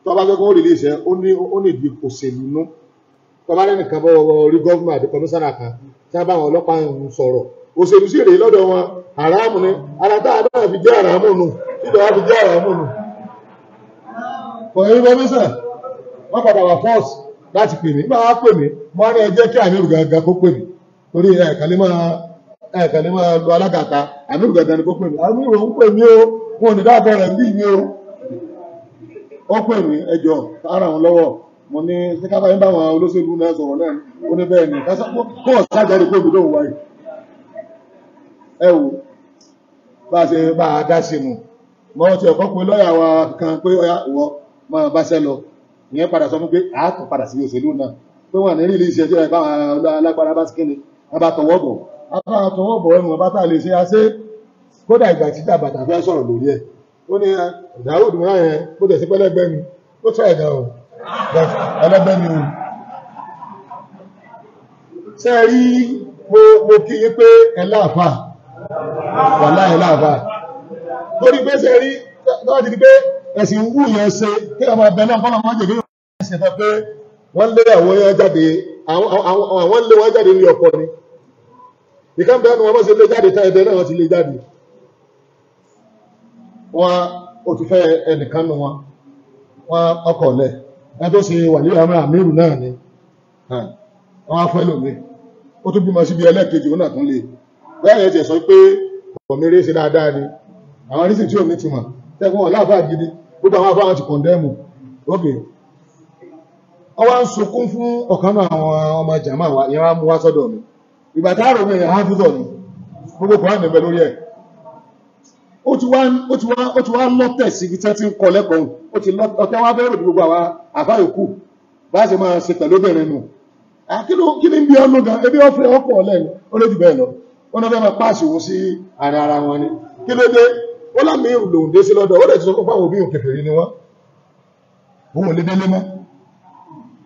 tọ́ba gbẹ́gbẹ́ ó rìlíìsì ẹ ó ní ìdí òṣèlú nú tọ́ba lẹ́nìkan bọ́ orí gọ́ọ̀mù àti kọmíṣánná kan tí bá ọlọ́pàá ń sọ̀rọ̀ òṣèlú sì rèé wọn àràmù ni ara tá fi jẹ́ àràmù nù títọ̀ fi jẹ́ àràmù nù. kò ní rọ́mísà wọ́n padà wà láti pè mí máa pè mí mo á ẹjẹ́ kí àmì ìrùgàgà kó pè mí torí ẹ̀ẹ̀kan máa lo alágàta àmì ni o wọn ò ní dáàbọ̀ rẹ̀ ń o ó pè mí ara lọ́wọ́ mo ní ní ká báyìí báwọn olóṣèlú náà sọ̀rọ̀ náà ó ní bẹ́ẹ̀ ni kó ọ̀sán àjáde kó òbílẹ̀ òun wáyé ẹ wò bá a ṣe bá a dá sí nu mọ ọtí ẹ̀kọ́ pé lọ́ọ̀yà wa kan pé ọ̀yà wọ máa bá ṣẹ́ lọ ìyẹn padà sọ fún pé a tún padà sí òṣèlú náà pé wọn ní rìlì ìṣẹ́jọ́ ẹ̀ báwọn alágbára bá kíni wọn bá tọwọ́ bọ̀ wọn bá tọwọ́ bọ̀ ẹ̀wọ̀n bá tà lè ṣe aṣẹ́ kódà ìgbà tí dàbàtà fẹ́ sọ̀rọ̀ lórí ẹ̀ ó ní Dáúdù náà yẹn kó tẹ̀sí pẹ́lẹ́gbẹ́ni ó tẹ̀ ẹ̀dá o ẹlẹ́gbẹ́ mi o ṣe rí mo kí yí pé ẹláàfà wàlá ẹláàfà torí pé ṣe rí tọ́wọ́ ti di pé ẹ̀sìn wù yẹn ṣe kí ọmọ ọbẹ̀ náà kọ́nà wọ́n jẹ̀gẹ́ ẹ̀sìn tó pé wọ́n lé àwọn yẹn jáde àwọn lé wọn jáde ní ọ̀pọ̀ ni ìkan bẹ́ẹ̀ ni wọ́n bá ṣe lé jáde tá ẹ̀dẹ̀ náà wọ́n ti lé jáde wọ́n ó ọkọ̀ lẹ̀ ẹ tó ṣe wà nílò àmì àmìrù náà ni wọ́n á fẹ́ lómi ó tún ma síbi ẹlẹ́ẹ̀kejì ó náà tún lè bẹ́ẹ̀ yẹn sọ pé ọ̀mírí ṣe dáadáa ni àwọn arísì tí o ní túmọ̀ tẹ́kun wọn láàfáà gidi ti kọ̀ndẹ́mù wá ń fún ọ̀kan náà àwọn ọmọ wa ìyẹn wá mú wá sọ́dọ̀ mi ìgbà táàrọ̀ mi ó ti wá ó ti wá ó ti wá lọ́tẹ̀ síbi tí wọ́n ti ń kọ lẹ́kọ̀ọ́ ó ti lọ́tẹ̀ wá bẹ́ẹ̀ ròdì gbogbo àwa àbá yòókù bá a ṣe máa ṣe pẹ̀lú obìnrin nù àkínú kí ni ń bí ọmọ gan ebi ọ̀fẹ́ ọkọ̀ lẹ́nu ó lè jù bẹ́ẹ̀ lọ ó náà fẹ́ máa páàsì òun sí ààrẹ ara wọn ni kí ló dé ó lámì lòun dé sí lọ́dọ̀ ó lè ti sọ fún àwọn òbí òkèkèrè ni wọ́n òun ò lè délé mọ́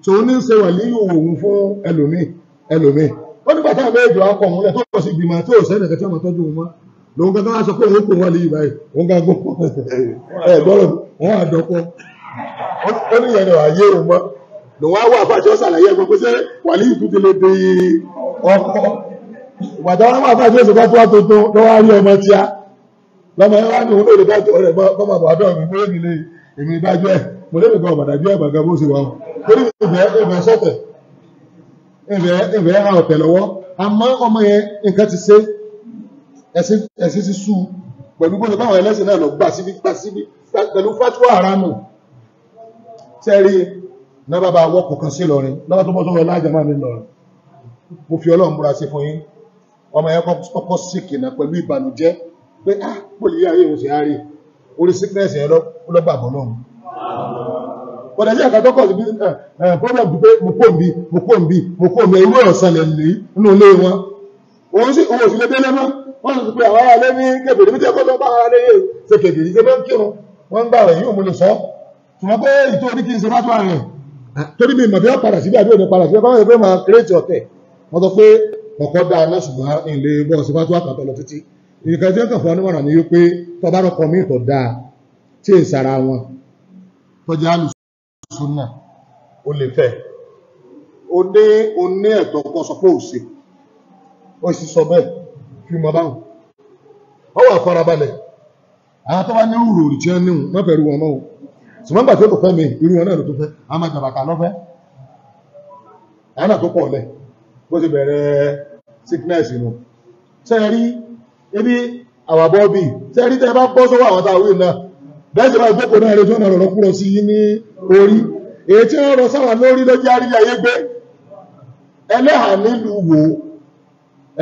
tòun ní ṣe wà líyìn òun fún ẹlòmíì ẹlòmíì ó nígbà táwọn méjì lóun kankan wá sọ pé òun kò wọn lè yí báyìí òun kan gbọ́n ẹ gbọ́dọ̀ wọn á dọ́pọ̀ ó ní ìyẹn àyè òun mọ́ lòun á wà fàájọ́ sàlàyé ẹ̀gbọ́n pé sẹ́ wàlí ìtútù lè dé ọkọ ìgbàdá wọn wà fàájọ́ ìṣèkọ́ fún wa tuntun lọ́wọ́ á rí ọmọ tíá lọ́mọ yẹn wá ní òun lórí bá tó rẹ̀ bọ́ bàbá ọ̀dọ́ mi mú èmi lè èmi dájú ẹ̀ mo lè nìkan ọ̀bàdà bí àgbàgbà bó ṣe wà ó torí ìbẹ̀ ìbẹ̀ sọ̀tẹ̀ ìbẹ̀ ìbẹ̀ ọ̀tẹ̀ lọ́wọ́ àmọ́ ọmọ yẹn nǹkan ti ṣe ẹ̀sìn sísú pẹ̀lú gbọ́dọ̀ báwọn ẹlẹ́sìn náà lọ gbà síbi gbà síbi pẹ̀lú fatuwa haramu tẹ́rí náà bàbá wọ́pọ̀ kan sí lọ́rin náà tó bọ́ sọ́wọ́ láàjà máa mi lọ́rin mo fi ọlọ́run múra sí fún yín ọmọ yẹn kọ́kọ́ sí kìnnà pẹ̀lú ìbànújẹ́ pé á ah, pòlì ayé òun sì á rí orí sickness yẹn lọ́gbà bọ́ lọ́run kọ̀dà sí àkàtọ́kọ̀ sí ah, eh, problem pé mo kò mí mo kò mí mo kò mí ewé ọ̀sán lẹ̀ lè nínú ilé wọn wọ́n sọ pé àwọn aráalé ní kèbèrè bí tẹ́kọ̀ọ́ lọ́ọ́ bá aráalé yẹ ṣe kèbèrè ṣe máa ń kírun wọ́n ń gbà rẹ̀ yóò mú lè sọ ṣùgbọ́n pé ìtò orí kì í ṣe bá tó ara rẹ̀ torí mi mọ̀ bí wọ́n padà síbi àbí òní padà síbi báwọn ẹgbẹ́ máa kírètì ọ̀tẹ̀ wọ́n sọ pé ọ̀kọ́ da iná ṣùgbọ́n ilé bọ́ ṣe bá tó àkàtọ̀ lọ títí ìkan tí ó kàn fún onímọ̀ràn ni wípé tó bá rọkọ mí tó dáa tí è sara wọn tó jẹ́ alùsùn náà ní ẹ̀tọ́ kọ́ sọ pé òsè ó sì sọ bẹ́ẹ̀ ìmọ̀bá ọ wà farabalẹ̀ àwọn tó bá ní wọn náà tó fẹ́ mi irú wọn náà ló tó fẹ́ a máa jàbàtà lọ́fẹ́ àánà tó pọ̀ lẹ̀ bó ti bẹ̀rẹ̀ sickness nù ṣe ebi àwàbọ̀ bì ṣe rí tẹ́ bá bọ́ sọ́wọ́ àwọn táwí náà bẹ́ẹ̀ sì bá gbókò náà lójú ọ̀nà rọ̀rọ̀ kúrò sí ní orí èyí tí wọ́n rọ sáwọn lórí lójú àríyá gbé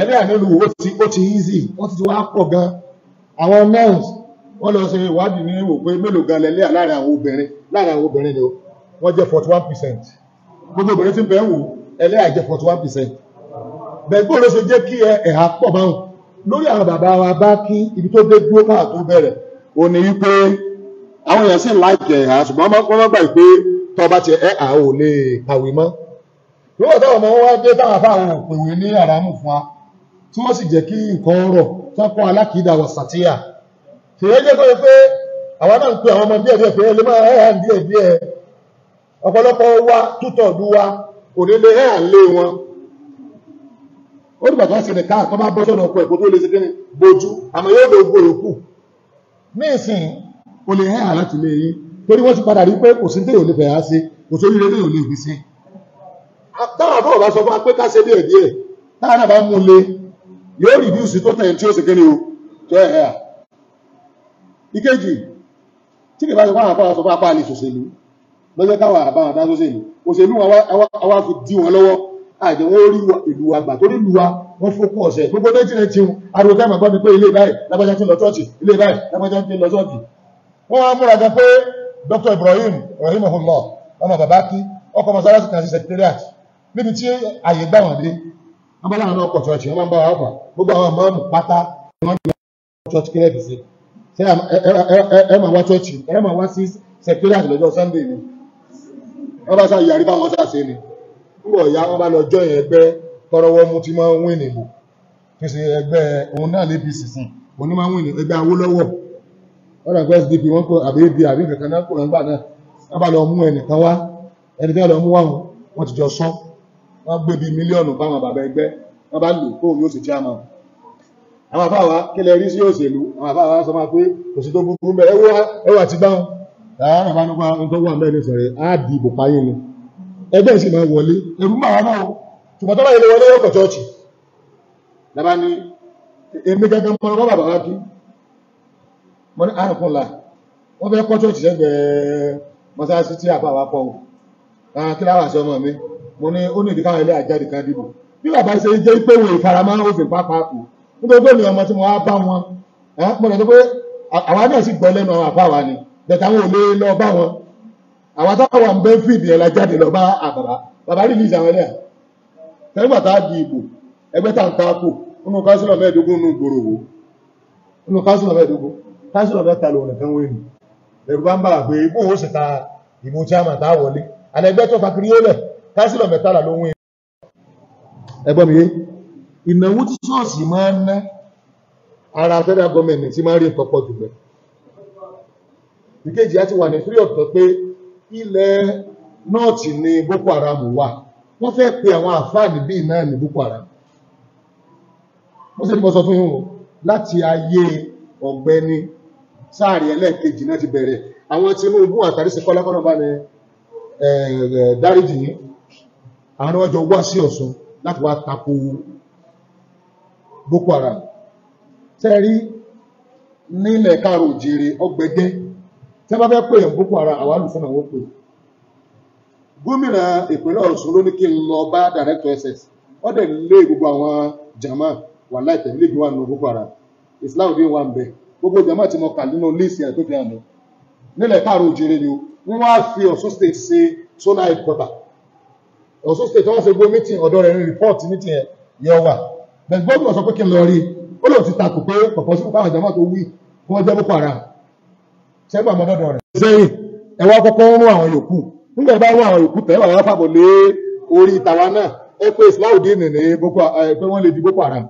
ẹlẹ́yà mélòó ó ti ó ti easy wọ́n ti ti wá pọ̀ gan àwọn nuns wọ́n lọ ṣe ìwádìí ní wò pé mélòó gan lẹ́lẹ́yà láàrin àwọn obìnrin láàrin àwọn obìnrin ni o wọ́n jẹ́ forty one percent gbogbo obìnrin tí ń bẹ̀ ń wò ẹlẹ́yà jẹ́ forty one percent bẹ̀gbọ́n ló ṣe jẹ́ kí ẹ̀hà pọ̀ máa hùn lórí àwọn bàbá wa bá kí ibi tó dé dúró káà tó bẹ̀rẹ̀ ò ní wípé àwọn èèyàn sì ń láìpẹ́ ẹ̀hà ṣùgbọ́n wọ́n má gbà pé tọ́ba ti ẹ̀hà ò lè kàwé mọ́ lọ́wọ́ táwọn ọmọ wọn wá dé táwọn afáwọn òpèwé ní àràmù fún wa tí wọ́n sì jẹ́ kí nǹkan ọ̀rọ̀ tákọ́ alákìídà wà sàtíyà tí ó jẹ́ kọ́ pé àwọn náà ń pè àwọn ọmọ díẹ̀ díẹ̀ fẹ́ lè máa ẹ̀hà díẹ̀ díẹ̀ ọ̀pọ̀lọpọ̀ wa tútọ̀dú wa kò ní lè ẹ̀hà lé wọn ó dìgbà tó ṣẹlẹ̀ káà tó bá bọ́ sọ́nà ọkọ̀ ẹ̀kọ́ tó lè ṣe kíni bojú àmọ́ yóò lè gbòòrò kù ní ìsìn kò lè ẹ̀hà láti lè yí torí wọ́n ti padà rí pé kò sí tí yóò lè fẹ̀ á sí kò sórí rẹ̀ yóò lè fi sí táwọn àbọ̀ bá sọ fún wa pé ká ṣe díẹ̀ díẹ̀ táwọn náà bá mú le yóò reduce tó tẹ̀yìn tí ó sì kéde o tó ẹ̀ ẹ̀ à. ìkejì tí kìí bá ti fún àwọn àpáwọn sọfún apá àlè sòṣèlú lọ́jọ́ káwọn àbáwọn dá sóṣèlú òṣèlú àwa fi dí wọn lọ́wọ́ àjẹ wọn rí ìlú àgbà torí ìlú wa wọn fokú ọ̀sẹ̀ gbogbo méjì náà tiwọn ariwo kẹ́mà gbọ́dọ̀ pé ilé báyìí lágbájá ti lọ ṣọ́ọ̀ṣì ilé báyìí lágbájá ti lọ ṣọ́ọ̀ṣì. wọ́n wá múra gan pé Dr. Ibrahim rahimahullah ọmọ bàbá kí ọkọ̀ mọ̀sálásí kan sí secretariat níbi tí àyè gbà wọ́n dé wọ́n bá láwọn náà pọ̀ ṣọ́ọ̀ṣì wọ́n máa ń bá wa fà gbogbo àwọn máàmù pátá ni wọ́n ti máa ń ṣọ́ọ̀ṣì kílẹ̀ fi ṣe ṣé ẹ máa wá ṣọ́ọ̀ṣì ẹ máa wá sí secretariat lọ́jọ́ sunday ni wọ́n bá ṣàyè àríbá wọn ṣàṣe ni púpọ̀ ìyá wọn bá lọ jọ yẹn ẹgbẹ́ tọrọwọ́ mu ti máa ń wìn nìbò tó ṣe ẹgbẹ́ òun náà lè fi sìsìn òun ní máa ń wìn nìbò ẹgbẹ́ Awólọ́wọ̀ wọ́n àgbẹ́ SDP wọ́n kó àbí ab àbí nǹkan náà kó lọ́ngbà náà wọ́n bá lọ mú ẹnìkan wá ẹnìkan lọ mú wá wọn ti jọ sọ́ọ́ wọ́n gbé bí mílíọ̀nù báwọn bàbá ẹgbẹ́ wọ́n bá lò kóò yóò sì chairman àwọn afáwa kílẹ̀ rí sí òṣèlú àwọn afáwa sọ máa pé kò sí tó burú mẹ́ ẹwà ti báwọn láàrín àbánúpa ohun tó wà mẹ́rin sọ̀rẹ̀ á di ìbò páyé ni ẹgbẹ́ sì máa wọlé ẹ̀rú máa náà ṣùgbọ́n tọ́lá ilé wọlé yọkọ̀ chọ́ọ̀chì lábá ní èmi gẹ́gẹ́ mọ́ ọlọ́ bàbá wá kí wọ́n ní àrùnkùn là wọ́n fẹ́ kọ́ chọ́ọ̀chì sẹ́gbẹ̀ẹ́ mọ́sáàsì tí àbáwá pọ̀ wọn kí láwàá sí mi mo ní ó ní ilé àjáde kan dìbò bí bàbá ṣe jẹ́ pé ìfaramọ́ òfin pápá kù nítorí ọmọ tí mo wá bá wọn mo rẹ̀ tó pé àwa náà sì gbọ́ lẹ́nu àwọn àfáà wa ni bẹ̀tẹ̀ àwọn ò lè lọ bá wọn àwa táwọn ń bẹ́ fìdí ẹ̀ la jáde lọ bá àbàbà bàbá tẹ́gbà tá a di ìbò ẹgbẹ́ tá a ń ta kù nínú na mẹ́ẹ̀ẹ́dógún nínú gbòòrò wo nínú mẹ́ta kánsílọ̀ mẹ́tàlá ló wọ́n ẹgbọ́n mi ìnáwó tí ṣọ́ọ̀ṣì máa ń ná ara federal government tí máa ń rí ìtọ́pọ̀ jùlọ ìkejì á ti wà ní free of tọ́ pé ilẹ̀ nọ́ọ̀tì ni Boko Haram wà wọ́n fẹ́ pe àwọn àfáàní bíi náà ní Boko Haram wọ́n sì ti mọ̀ sọ fún yín o láti ayé ọ̀gbẹ́ni sáàrin ẹlẹ́ẹ̀kejì náà ti bẹ̀rẹ̀ àwọn Tinubu àtàrí sí kọ́lákọ́nà bá ní eh, eh, dáríjì yìí àwọn ọjọ́ wá sí láti wá tako Boko Haram tẹ́rí nílẹ̀ káàrò jèrè ọgbẹ̀gẹ́ tẹ́ bá fẹ́ pè ọ Boko Haram àwọn alùfẹ́nà wọ́n pè gómìnà ìpínlẹ̀ ló ní bá director SS ó dẹ̀ lé gbogbo àwọn jama wà láìpẹ́ Boko Haram Islam gbogbo jama ti mọ fi hàn nílẹ̀ fi state ṣe Ọ̀ṣun state wọ́n ṣe gbó meeting ọ̀dọ́ rẹ̀ ní report meeting ẹ̀ yọ wà bẹ́ẹ̀ gbọ́dọ̀ sọ pé kí n lọ rí ó lóun ti takò pé sí tó wí kí wọ́n jẹ́ boko haram ṣẹ́gbà mọ́dọ́dọ̀ rẹ̀. sẹ́yìn ẹ wá kọ́kọ́ rún àwọn yòókù nígbà bá rún àwọn yòókù tẹ́ fàbọ̀ lé orí tàwa náà ẹ boko haram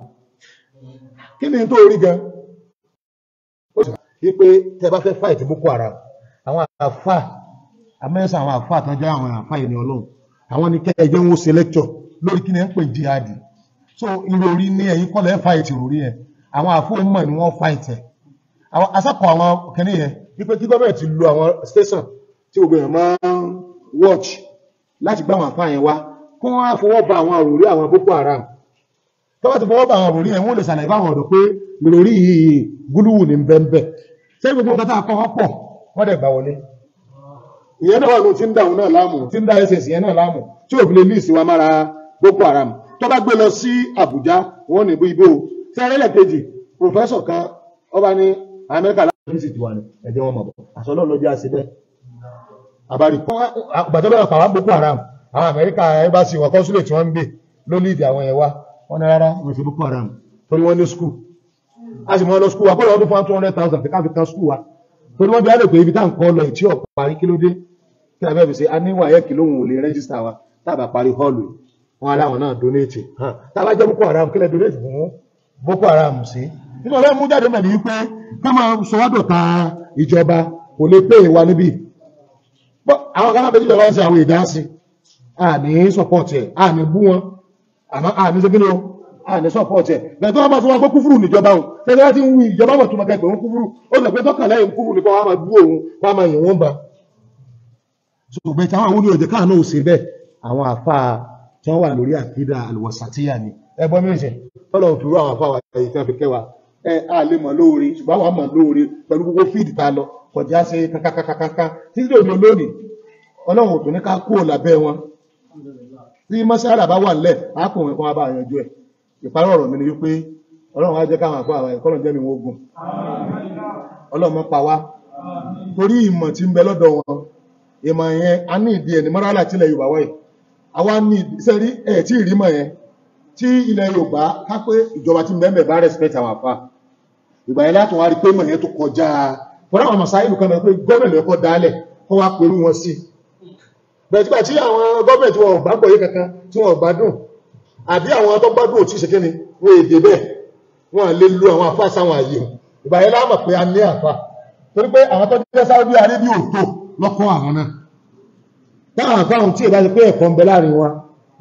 kí ni tó rí gan. ó pé àwọn ni kẹ́ẹ̀jẹ́ ń wo selector. lecture lórí kí ni ẹ̀ ń pè jihadi so ìròrí ní ẹ̀yìn kọ́lẹ̀ fight ìròrí ẹ̀ àwọn àfóhùnmọ̀ ni wọ́n fight ẹ̀ àwọn asẹ́kọ̀ọ́ àwọn kìíní yẹn wípé kí gọ́ọ̀mẹ̀ntì lu àwọn station tí gbogbo èèyàn máa ń watch láti gbá àwọn àfáà yẹn wá kí wọ́n á fọwọ́ ba àwọn àròrí àwọn Boko Haram tọ́wọ́ ti fọwọ́ ba àwọn àròrí yẹn wọ́n lè ṣàlàyé báwọn ọ̀dọ́ pé ìròrí yìí gúlùwù ní bẹ́ńbẹ́ sẹ́yìn gbogbo nǹkan kọ́ wọ́n pọ̀ wọ́n dẹ̀ gbà wọlé ìyẹn náà wà ló ti ń dà òun náà láàmú ti ń dà ss yẹn náà láàmú tí òfin lè ní ìsìnwá mára Boko Haram tó bá gbé lọ sí Àbújá wọn ní ibo ibo tẹ́rẹ́lẹ̀ kejì pòfẹ́sọ̀ kan ọba ní Amẹ́ríkà láti fi tiwa ni ẹ̀jẹ̀ wọn mọ̀ bọ̀ àsọlọ́ ló jẹ́ àṣẹ bẹ́ẹ̀ àbárí àgbàdo lọ́wọ́ pàwọn Boko Haram àwọn Amẹ́ríkà ẹ̀básí wọn consulate tí wọ́n ń gbé ló lead àwọn yẹn wá wọn ní rárá wọn ti Boko Haram torí wọn ní school a sì mọ lọ school wa kó lọ́dún two hundred thousand fi ká fi torí wọ́n bí wá lè pé ibi tá à ń kọ́ lọ ìtí ọ̀pọ̀ parí kí ló dé kí la fẹ́ fi ṣe a ní wàyẹ́kì lóhùn ò lè rẹ́jísítà wa tá a bá parí họ́ọ̀lù wọn aláwọn náà donate tá a bá jẹ́ boko haram kílẹ̀ donate fún boko haram sí nígbà wọn mú jáde mẹ́rin wípé ká máa sọ wá dọ̀tá ìjọba kò lè pè é wa níbí àwọn kan náà bẹ jíjọba ń ṣe àwọn ìdásí àní support ẹ̀ àní bú wọn àní ṣe kí ni o àní sọ́pọ̀tì ẹ̀ bẹ̀tọ́ wọn bá sọ wọn pé kúfúrú níjọba òun tẹ́lẹ̀ láti ń wí ìjọba mọ̀ tó máa kẹ́kọ̀ọ́ òun kúfúrú ó lọ pé tọ́kàlá yìí kúfúrú nípa wọn máa bú òun wọn máa yìn wọn bá. ṣùgbọ́n táwọn àwọn olùyọ̀jẹ̀ káàánú ò ṣe bẹ́ẹ̀ àwọn àfa tí wọ́n wà lórí àkídà àlùwọ̀sàtíyà ni ẹgbọ́n mìíràn tọ́lọ̀ òfin rú àwọn àfa wa èyí tí wọ́n fi kẹ́ wa ẹ á lè mọ̀ lóore ṣùgbọ́n àwọn mọ̀ lóore pẹ̀lú gbogbo fíìdì ta lọ kọjá sí kankankankan títí òní olóòní ọlọ́run ò tún ní ká kúrò lábẹ́ wọn tí mọ́sálà bá wà nílẹ̀ á kò wọn bá yanjú ẹ̀ ìparí ọ̀rọ̀ mi ni wípé ọlọ́run á jẹ́ káwọn àpá àwọn ẹ̀kọ́ lọ́jọ́ mi wọ́n gùn ọlọ́run pa wá torí ìmọ̀ tí ń bẹ lọ́dọ̀ wọn ìmọ̀ yẹn a ní ìdí ẹni mọ́rálà tí ilẹ̀ Yorùbá wáyé àwa ní sẹ́rí ẹ̀ tí ìrímọ̀ yẹn tí ilẹ̀ Yorùbá ká pé ìjọba tí mẹ́mẹ́ bá respect àwọn àfa ìgbà yẹn láti wá rí pé mọ̀ yẹn tó kọjá fọ́nà àwọn mọ̀sáìlù kan náà pé gọ́ọ̀mẹ̀ntì ẹ̀kọ́ dálẹ̀ kó wá pẹ̀lú wọn sí bẹ̀tígbà tí àwọn gọ́ọ̀mẹ̀ntì wọn ò bá gbọ́yé kankan tí wọn àbí àwọn tó gbádùn òtí ṣe kíni wọ́n èdè bẹ́ẹ̀ wọ́n lè lo àwọn àfáà sáwọn àyè ìbàyẹ̀ láàmọ̀ pé a ní àfáà torí pé àwọn tó jẹ́ Saudi Arabia òtò lọ́kọ́ àwọn náà táwọn àfáà ohun tí ìbá ti pé ẹ̀kọ́ ń bẹ láàrin wa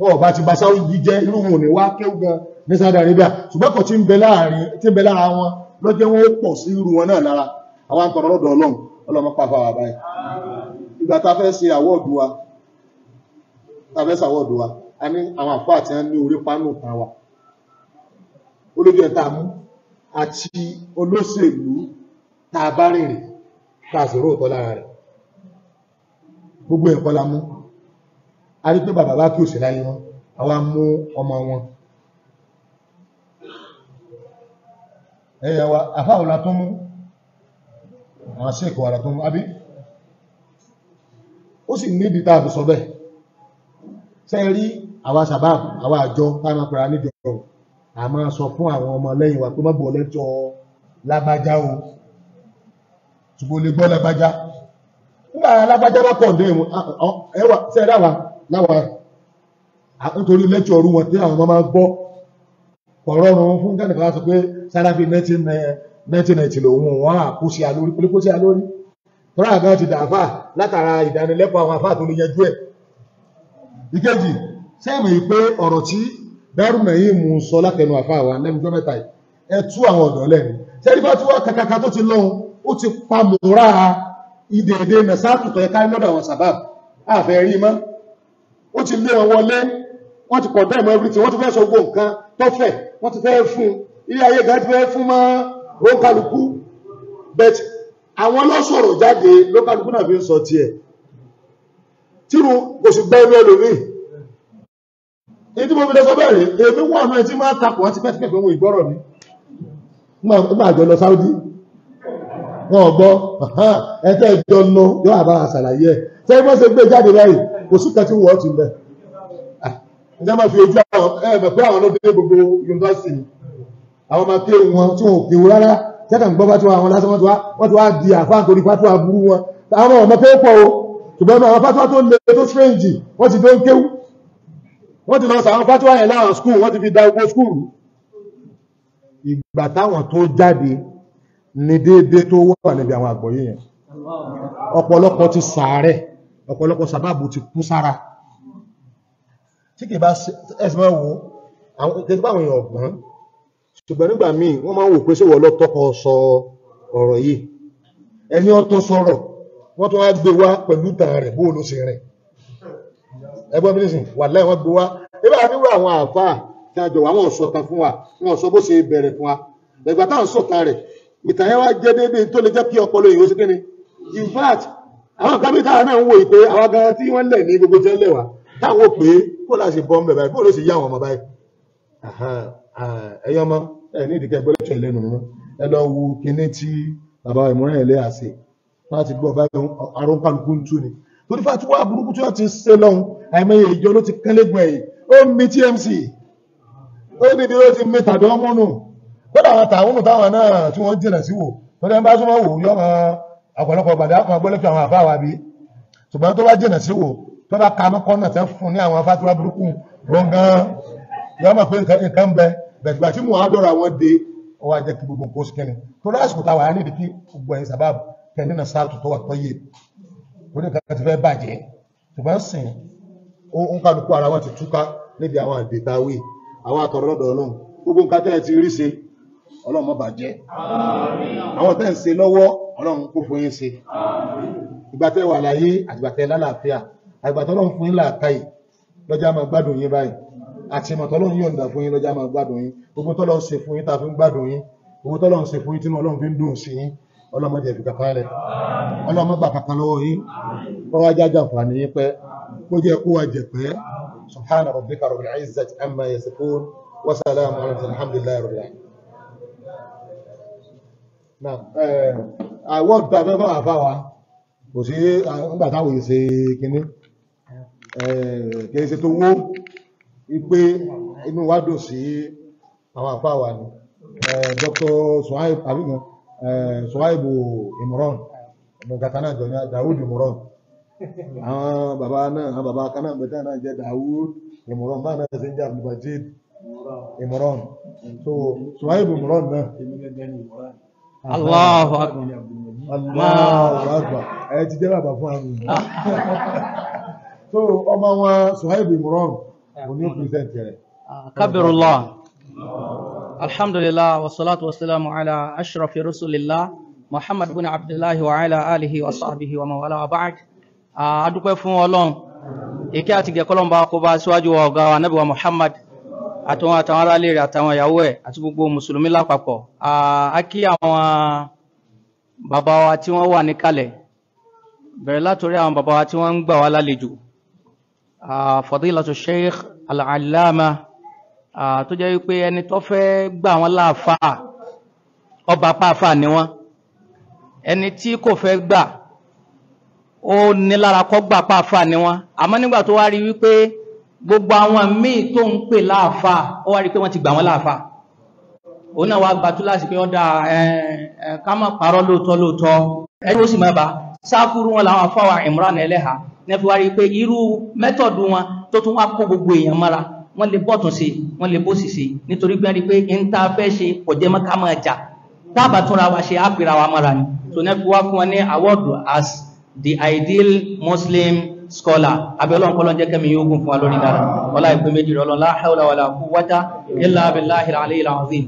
wọn ò bá ti ba Saudi jẹ́ irú wọn ò ní wá kéwù gan ní Saudi Arabia ṣùgbọ́n kò tí ń bẹ láàrin tí ń bẹ lára wọn lọ́jọ́ wọn ó pọ̀ sí irú wọn náà lára àwọn akọ̀rọ̀ lọ́dọ̀ Ọlọ́run Ọlọ́run pàfà wà báyìí ìgbà ta fẹ́ ṣe àwọ́ọ̀dù wa ta fẹ́ ṣàwọ́ọ̀dù wa a ní àwọn àpá àti ní orí pánù kan wà olójú ẹ̀ta mú àti olóṣèlú tá a bá rìnrìn tá a sì róòtọ́ lára rẹ̀ gbogbo ẹ̀kọ́ la mú a rí pé bàbá bá kí òsì láyé wọn àwa mú ọmọ wọn ẹ̀yà wa àfáwọn la tó mú àwọn sẹ́ẹ̀kọ́ ara tó mú àbí ó sì níbi tá a fi sọ bẹ́ẹ̀ sẹ́ẹ̀ rí àwa sabab àwa àjọ táwọn apẹ̀rẹ̀ níjọ a máa sọ fún àwọn ọmọ lẹ́yìn wa pé má bọ̀ lẹ́tọ̀ lágbájá o ṣùgbọ́n lè gbọ́ lágbájá nígbà lágbájá bá pọ̀ dé ẹwà sẹ́ẹ̀dá wa láwa nítorí lẹ́tọ̀ ọ̀rú wọn tí àwọn ọmọ máa gbọ́ ọ̀rọ̀ ọ̀run fún gánà kan sọ pé sáráfì 1990 lòun wọ́n á kó sí alórí pẹ̀lú kó sí alórí tọ́rọ̀ àgbà ti dàáfà látara ìdánilẹ́kọ̀ọ́ àwọn àfáà tó lè yanjú ẹ̀ ìkejì sẹ́ẹ̀mọ̀ yìí pé ọ̀rọ̀ tí dárù nàyìn mú sọ látẹnu àfa wa lẹ́nujọ́ mẹ́ta yìí ẹ tú àwọn ọ̀dọ́ lẹ́nu sẹ́ẹ̀rí bá tí wọ́n kàkàkà tó ti lọ́hun ó ti pa mòórá ìdèdè mẹ́sàtù tó yẹ ká lọ́dọ̀ àwọn sàbáàbù àfẹ́ rí mọ́ ó ti lé wọn wọlé wọ́n ti pọ̀dọ́ ìmọ̀ everything wọ́n ti fẹ́ sọ gbogbo èyí mo fi lọ sọ bẹ́ẹ̀ rèé èmi wà náà tí máa takò wọn ti pẹ́ tipẹ́ pé wọn ìgbọ́rọ̀ mi nígbà àjọ lọ Saudi wọn ò gbọ́ ẹ̀tẹ́ ìjọ lọ yọ àbára ṣàlàyé ẹ̀ tẹ́lẹ̀ wọ́n ṣe gbé jáde báyìí kò sí kan tí wọ́n ti bẹ̀. ǹjẹ́ máa fi ojú àwọn ẹ̀mẹ̀ pé àwọn lọ́dún dé gbogbo yunifásitì àwọn máa strange wọ́n ti dó wọ́n ti lọ sàwọn fátíwá yẹn láwọn skúl wọ́n ti fi da ogbó skúl ìgbà táwọn tó jáde ní déédé tó wà níbi àwọn àgbọ̀yé yẹn ọ̀pọ̀lọpọ̀ ti sàárẹ̀ ọ̀pọ̀lọpọ̀ sàbábù ti kú sára tí kì bá ẹsẹ̀ wo àwọn ìtẹ́sí báwọn èèyàn ọ̀gbọ́n ṣùgbọ́n nígbà míì wọ́n máa ń wò pé ṣé wọ́n lọ tọkọ sọ ọ̀rọ̀ yìí ẹni ọ̀tọ̀ sọ̀rọ̀ wọ́n tún wá gbé wá pẹ̀lú tàn rẹ̀ bóòlù sí rẹ̀ ẹgbọ́n mi nísìn wà láì wọ́n gbé wá ebí àti wúrọ̀ àwọn àáfàá tí a jọ wà wọ́n sọ̀tàn fún wa wọ́n sọ bó ṣe bẹ̀rẹ̀ fún wa ẹ̀gbà táwọn sọ̀tàn rẹ̀ ìtàn yẹn wá jẹ́ déédéé tó lè jẹ́ kí ọpọlọ èyí ó ṣe kíni in fact àwọn kan bí táwọn náà ń wò yìí pé àwọn gan tí wọ́n lẹ̀ ní gbogbo jẹ́ lẹ̀ wá táwọn ò pé kó láti bọ́ ń bẹ̀ báyìí kó ló sì yá àwọn ọmọ báyìí ẹ̀yin ọmọ ẹ̀ ní ìdíkẹ́ gbọ́dọ̀ tẹ̀ lẹ́nu mọ́ ẹ lọ wo kinní tí bàbá ìmúràn ẹ̀ lẹ́yà ṣe láti gbọ́ báyìí torí fàtíwà burúkú tí wọ́n ti ṣe lọ́hun àìmọye ìjọ ló ti kánlẹ́gbọ̀n ẹ̀yìn ó mi TMC ó níbi ó ti mi tàdánmọ́nù kódà àwọn tàwọn táwọn náà tí wọ́n jìnà sí wò lọ́dọ̀ bá súnmọ́ wò yọ́ mọ́ ọ̀pọ̀lọpọ̀ gbàdá kan gbọ́lẹ́fẹ̀ àwọn àfáà wa bí ṣùgbọ́n tó bá jìnà sí wò tó bá ka mọ́kànnà tẹ́ fún ní àwọn fàtíwà orí nǹkan ti fẹ́ bàjẹ́ ṣùgbọ́n sìn ń kálukú ara wọn ti túká níbi àwọn àdètàwé àwọn àtọ̀rọ̀ lọ́dọ̀ ọlọ́run gbogbo nǹkan tẹ́ ẹ ti rí ṣe ọlọ́run má bàjẹ́ àwọn tẹ́ ń ṣe lọ́wọ́ ọlọ́run kó fún yín ṣe ìgbà tẹ́ wà láyé àtìgbà tẹ́ lálàáfíà àtìgbà tọ́lọ́run fún yín làákàyè lọ́jà máa gbádùn yín báyìí àti ìmọ̀ tọ́lọ́run yọ̀ǹda fún yín lọ́jà máa gbádùn yín gbogbo tọ́lọ́run ṣe fún yín tá a fi ń gbádùn yín gbogbo tọ́lọ́run ṣe fún yín tínú ọlọ́run fi ń dùn sí yín ọlọ́mọdé ẹ̀fì kankan rẹ̀ ọlọ́mọgbà kankan lọ́wọ́ yìí ọwọ́ ajájá fàní yí pẹ́ kó jẹ́ kó wà jẹ́ pẹ́ subhana rabbika rabbil izzati amma yasifun wa salamun ala alhamdulillahi rabbil alamin náà ẹ̀ eh, àwọn ọ̀dà mẹ́fà àfáwà kò sí nígbà táwọn yìí ṣe kínní eh, kìí ṣe tó wó wípé inú wa dùn sí àwọn àfáwà ni eh, Dr. Suhaib abigan Ṣùwáìbù eh, Imran nǹkan náà jọ ní Dawud Imran àwọn bàbá náà àwọn bàbá kan náà bẹ̀tẹ̀ náà jẹ́ Dawud Imran bá náà ṣe jẹ́ Abdulbajid Imran so Ṣùwáìbù Imran náà. Allahu akbar. Allahu akbar. Ẹ ti jẹ́ bàbá fún àwọn ènìyàn. So ọmọ wọn Ṣùwáìbù Imran ah. òní ó pèsè alhamdulillah wasalatu wasalamu ala ashrafi rasulillah muhammad bin abdullahi wa ala alihi wa sahbihi wa mawala wa ba'd a dúpẹ́ fún Ọlọ́run ìkẹ́ àti gẹ̀ kọ́lọ́n bá kó bá síwájú wa ọ̀gá wa nábì wa muhammad àtàwọn àtàwọn ará lè rẹ̀ àtàwọn ìyàwó ẹ̀ àti gbogbo mùsùlùmí lápapọ̀ a kí àwọn bàbá wa tí wọ́n wà níkàlẹ̀ bẹ̀rẹ̀ látòrí àwọn bàbá wa tí wọ́n ń gbà wá lálejò fadilatu sheikh al-allama tó jẹ́ wípé ẹni tó fẹ́ gbà wọ́n láàfáà ọba pàáfà ni wọ́n ẹni tí kò fẹ́ gbà ó nílára kọ́ gbà pàáfà ni wọ́n àmọ́ nígbà tó wá rí wípé gbogbo àwọn míì tó ń pè láàfáà ó wá rí pé wọ́n ti gbà wọ́n láàfáà òun náà wá gba túláàsì pé ọ̀dà ká má parọ́ lóòótọ́ lóòótọ́ ẹni ó sì máa bá sáfúrú wọn làwọn afáwà Imran Eleha nẹ́fíwárí pé irú mẹ́tọ̀dù wọn tó tún wá kó gbogbo èèyàn mọ́ra wọ́n lè bọ́ọ̀tún sí wọ́n lè bóòsì sí nítorí pé pé ń ta fẹ́ ṣe kọ̀jẹ́ mọ́ ká máa jà tábà túnra wa ṣe ápèrà wa mọ́ra ni so náà wá fún wọn ní award as the ideal muslim scholar abẹ́lọ́ ọ̀pọ̀lọ́ jẹ́ kẹ́mi yóò gùn fún wa lórí dára wọlá ìpín méjì rọlọ́ la hawla wala quwwata illa billahi al-aliyyil azim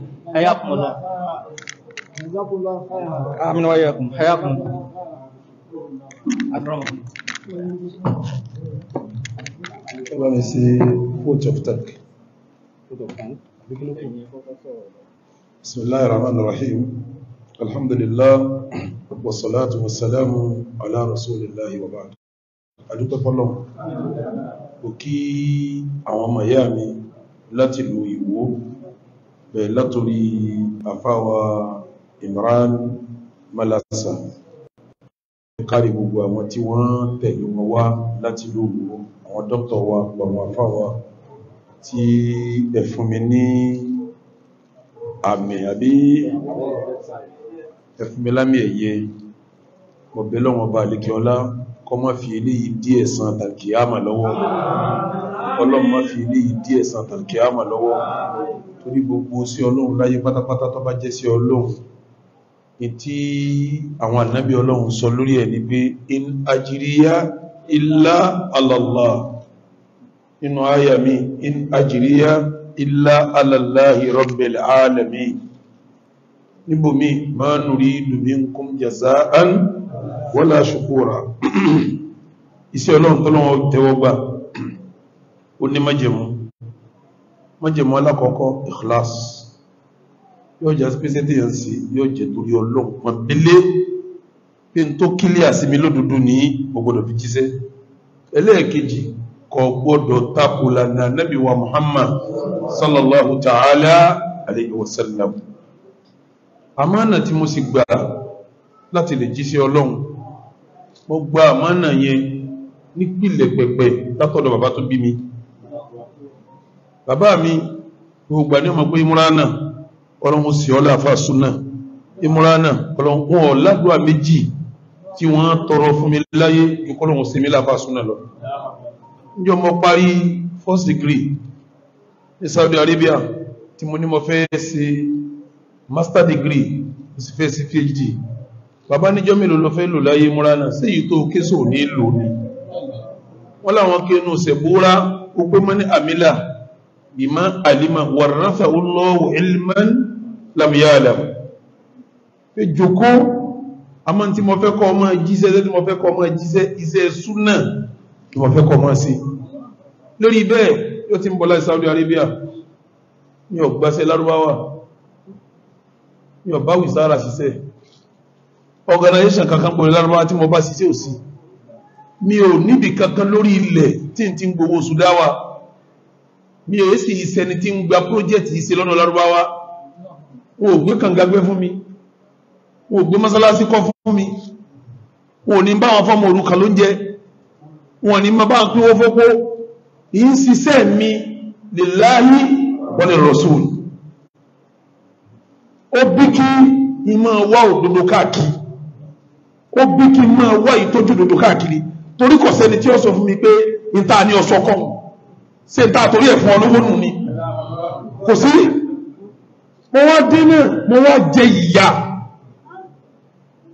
kí wọ́n mi sí vote of thank. bisimilahi rahman rahim alhamdulillah wasalaatu wasalaamu ala rasulillahi wa baad adúpẹ́ fọ́lọ́m kò kí àwọn ọmọ ìyá mi láti lu ìwó bẹ̀ẹ̀ látòrí àfáwà Imran Malasa kárí gbogbo àwọn tí wọ́n tẹ̀lé wọn wá láti lóògbò àwọn dókítà wa àwọn àfà wa tí ẹ fún mi ní àmì àbí ẹ fún mi lámì ẹ̀yẹ mọ̀bẹ̀ lọ́wọ́n bá lè kí ọlá kọ́ má fi eléyìí díẹ̀ san tàkì àmà lọ́wọ́ ọlọ́run má fi eléyìí díẹ̀ san tàkì àmà lọ́wọ́ torí gbogbo sí ọlọ́run láyé pátápátá tó bá jẹ́ sí ọlọ́run ìtí àwọn ànábí ọlọ́run sọ lórí ẹ̀ ni pé in ajiriya illa alallah inú àyà mi in ajiriya illa alallahi rabbil alamin níbò mi ma nuridu minkum jaza'an wala shukura iṣẹ́ ọlọ́run tọ́lọ́run tẹ́wọ́gbà ó ní májẹ̀mú májẹ̀mú alákọ̀ọ́kọ́ ikhlas yóò jẹ́ pèsè tí yẹn sí yóò jẹ́ torí ọlọ́pàá bílé pé n tó kílẹ̀ àsìmí lódúdú ní ọgbọ́dọ̀ fi jíṣẹ́ ẹlẹ́ẹ̀kejì kò gbọ́dọ̀ tako lànà wa Muhammad sallallahu ta'ala alayhi wa sallam àmánà tí mo sì gbà láti lè jíṣẹ́ ọlọ́run mo gba àmánà yẹn nípìlẹ̀ pẹ̀pẹ̀ látọ̀dọ̀ gbogbo àní ọlọ́run sì ọlá àfàsúnà ìmúránà ọlọ́run wọn ọ̀làdúrà méjì tí wọ́n tọrọ fún mi láyé ìkọlọ́run sí mi láfàsúnà lọ níjọ mo parí first degree ní Saudi Arabia tí mo ní mo fẹ́ ṣe master degree mo sì fẹ́ ṣe PhD bàbá níjọ́ mélòó lọ fẹ́ lò láyé ìmúránà sí èyí tó késo ní lò ní wọ́n láwọn kéénú sẹ̀búrá ó pé mọ́ ní àmìlà alima warrafa Allahu ilman lámìyàlẹ̀mù pé jòkó a máa tí mo fẹ́ kọ́ ọmọ jíṣẹ́ tí mo fẹ́ kọ́ ọmọ jíṣẹ́ iṣẹ́ súnà tí mo fẹ́ kọ́ ọmọ sí lórí bẹ́ẹ̀ yóò ti ń bọ́lá Saudi Arabia ní ọgbàṣẹ́ lárúbáwà ní ọba wìsára ṣiṣẹ́ organization kankan pẹ̀lú lárúbáwà tí mo bá ṣiṣẹ́ òsì mi ò níbi kankan lórí ilẹ̀ tí n ti ń gbowó sudáwà mi ò sì ìṣẹ́ni tí ń gba project ìṣẹ́ lọ́nà lárúbáwà wọn ò gbé kàngagbé fún mi wọn ò gbé mọ́sálásí kọ́ fún mi wọn ò ní bá wọn fọ́mọ òrùka ló ń jẹ wọn ò ní máa bá wọn pín owó fọ́pọ́ yìí ń ṣiṣẹ́ mi lillahi wa lirrasul ó bí kí n máa wá òdodo káàkiri ó bí kí n máa wá ìtọ́jú òdodo káàkiri torí kò sẹ́ni tí ó sọ fún mi pé n ta ni ọ̀sọ́ kọ́ ṣe n ta torí ẹ̀ fún nù ni kò sí mo wá dínà mo wá jẹ ìyà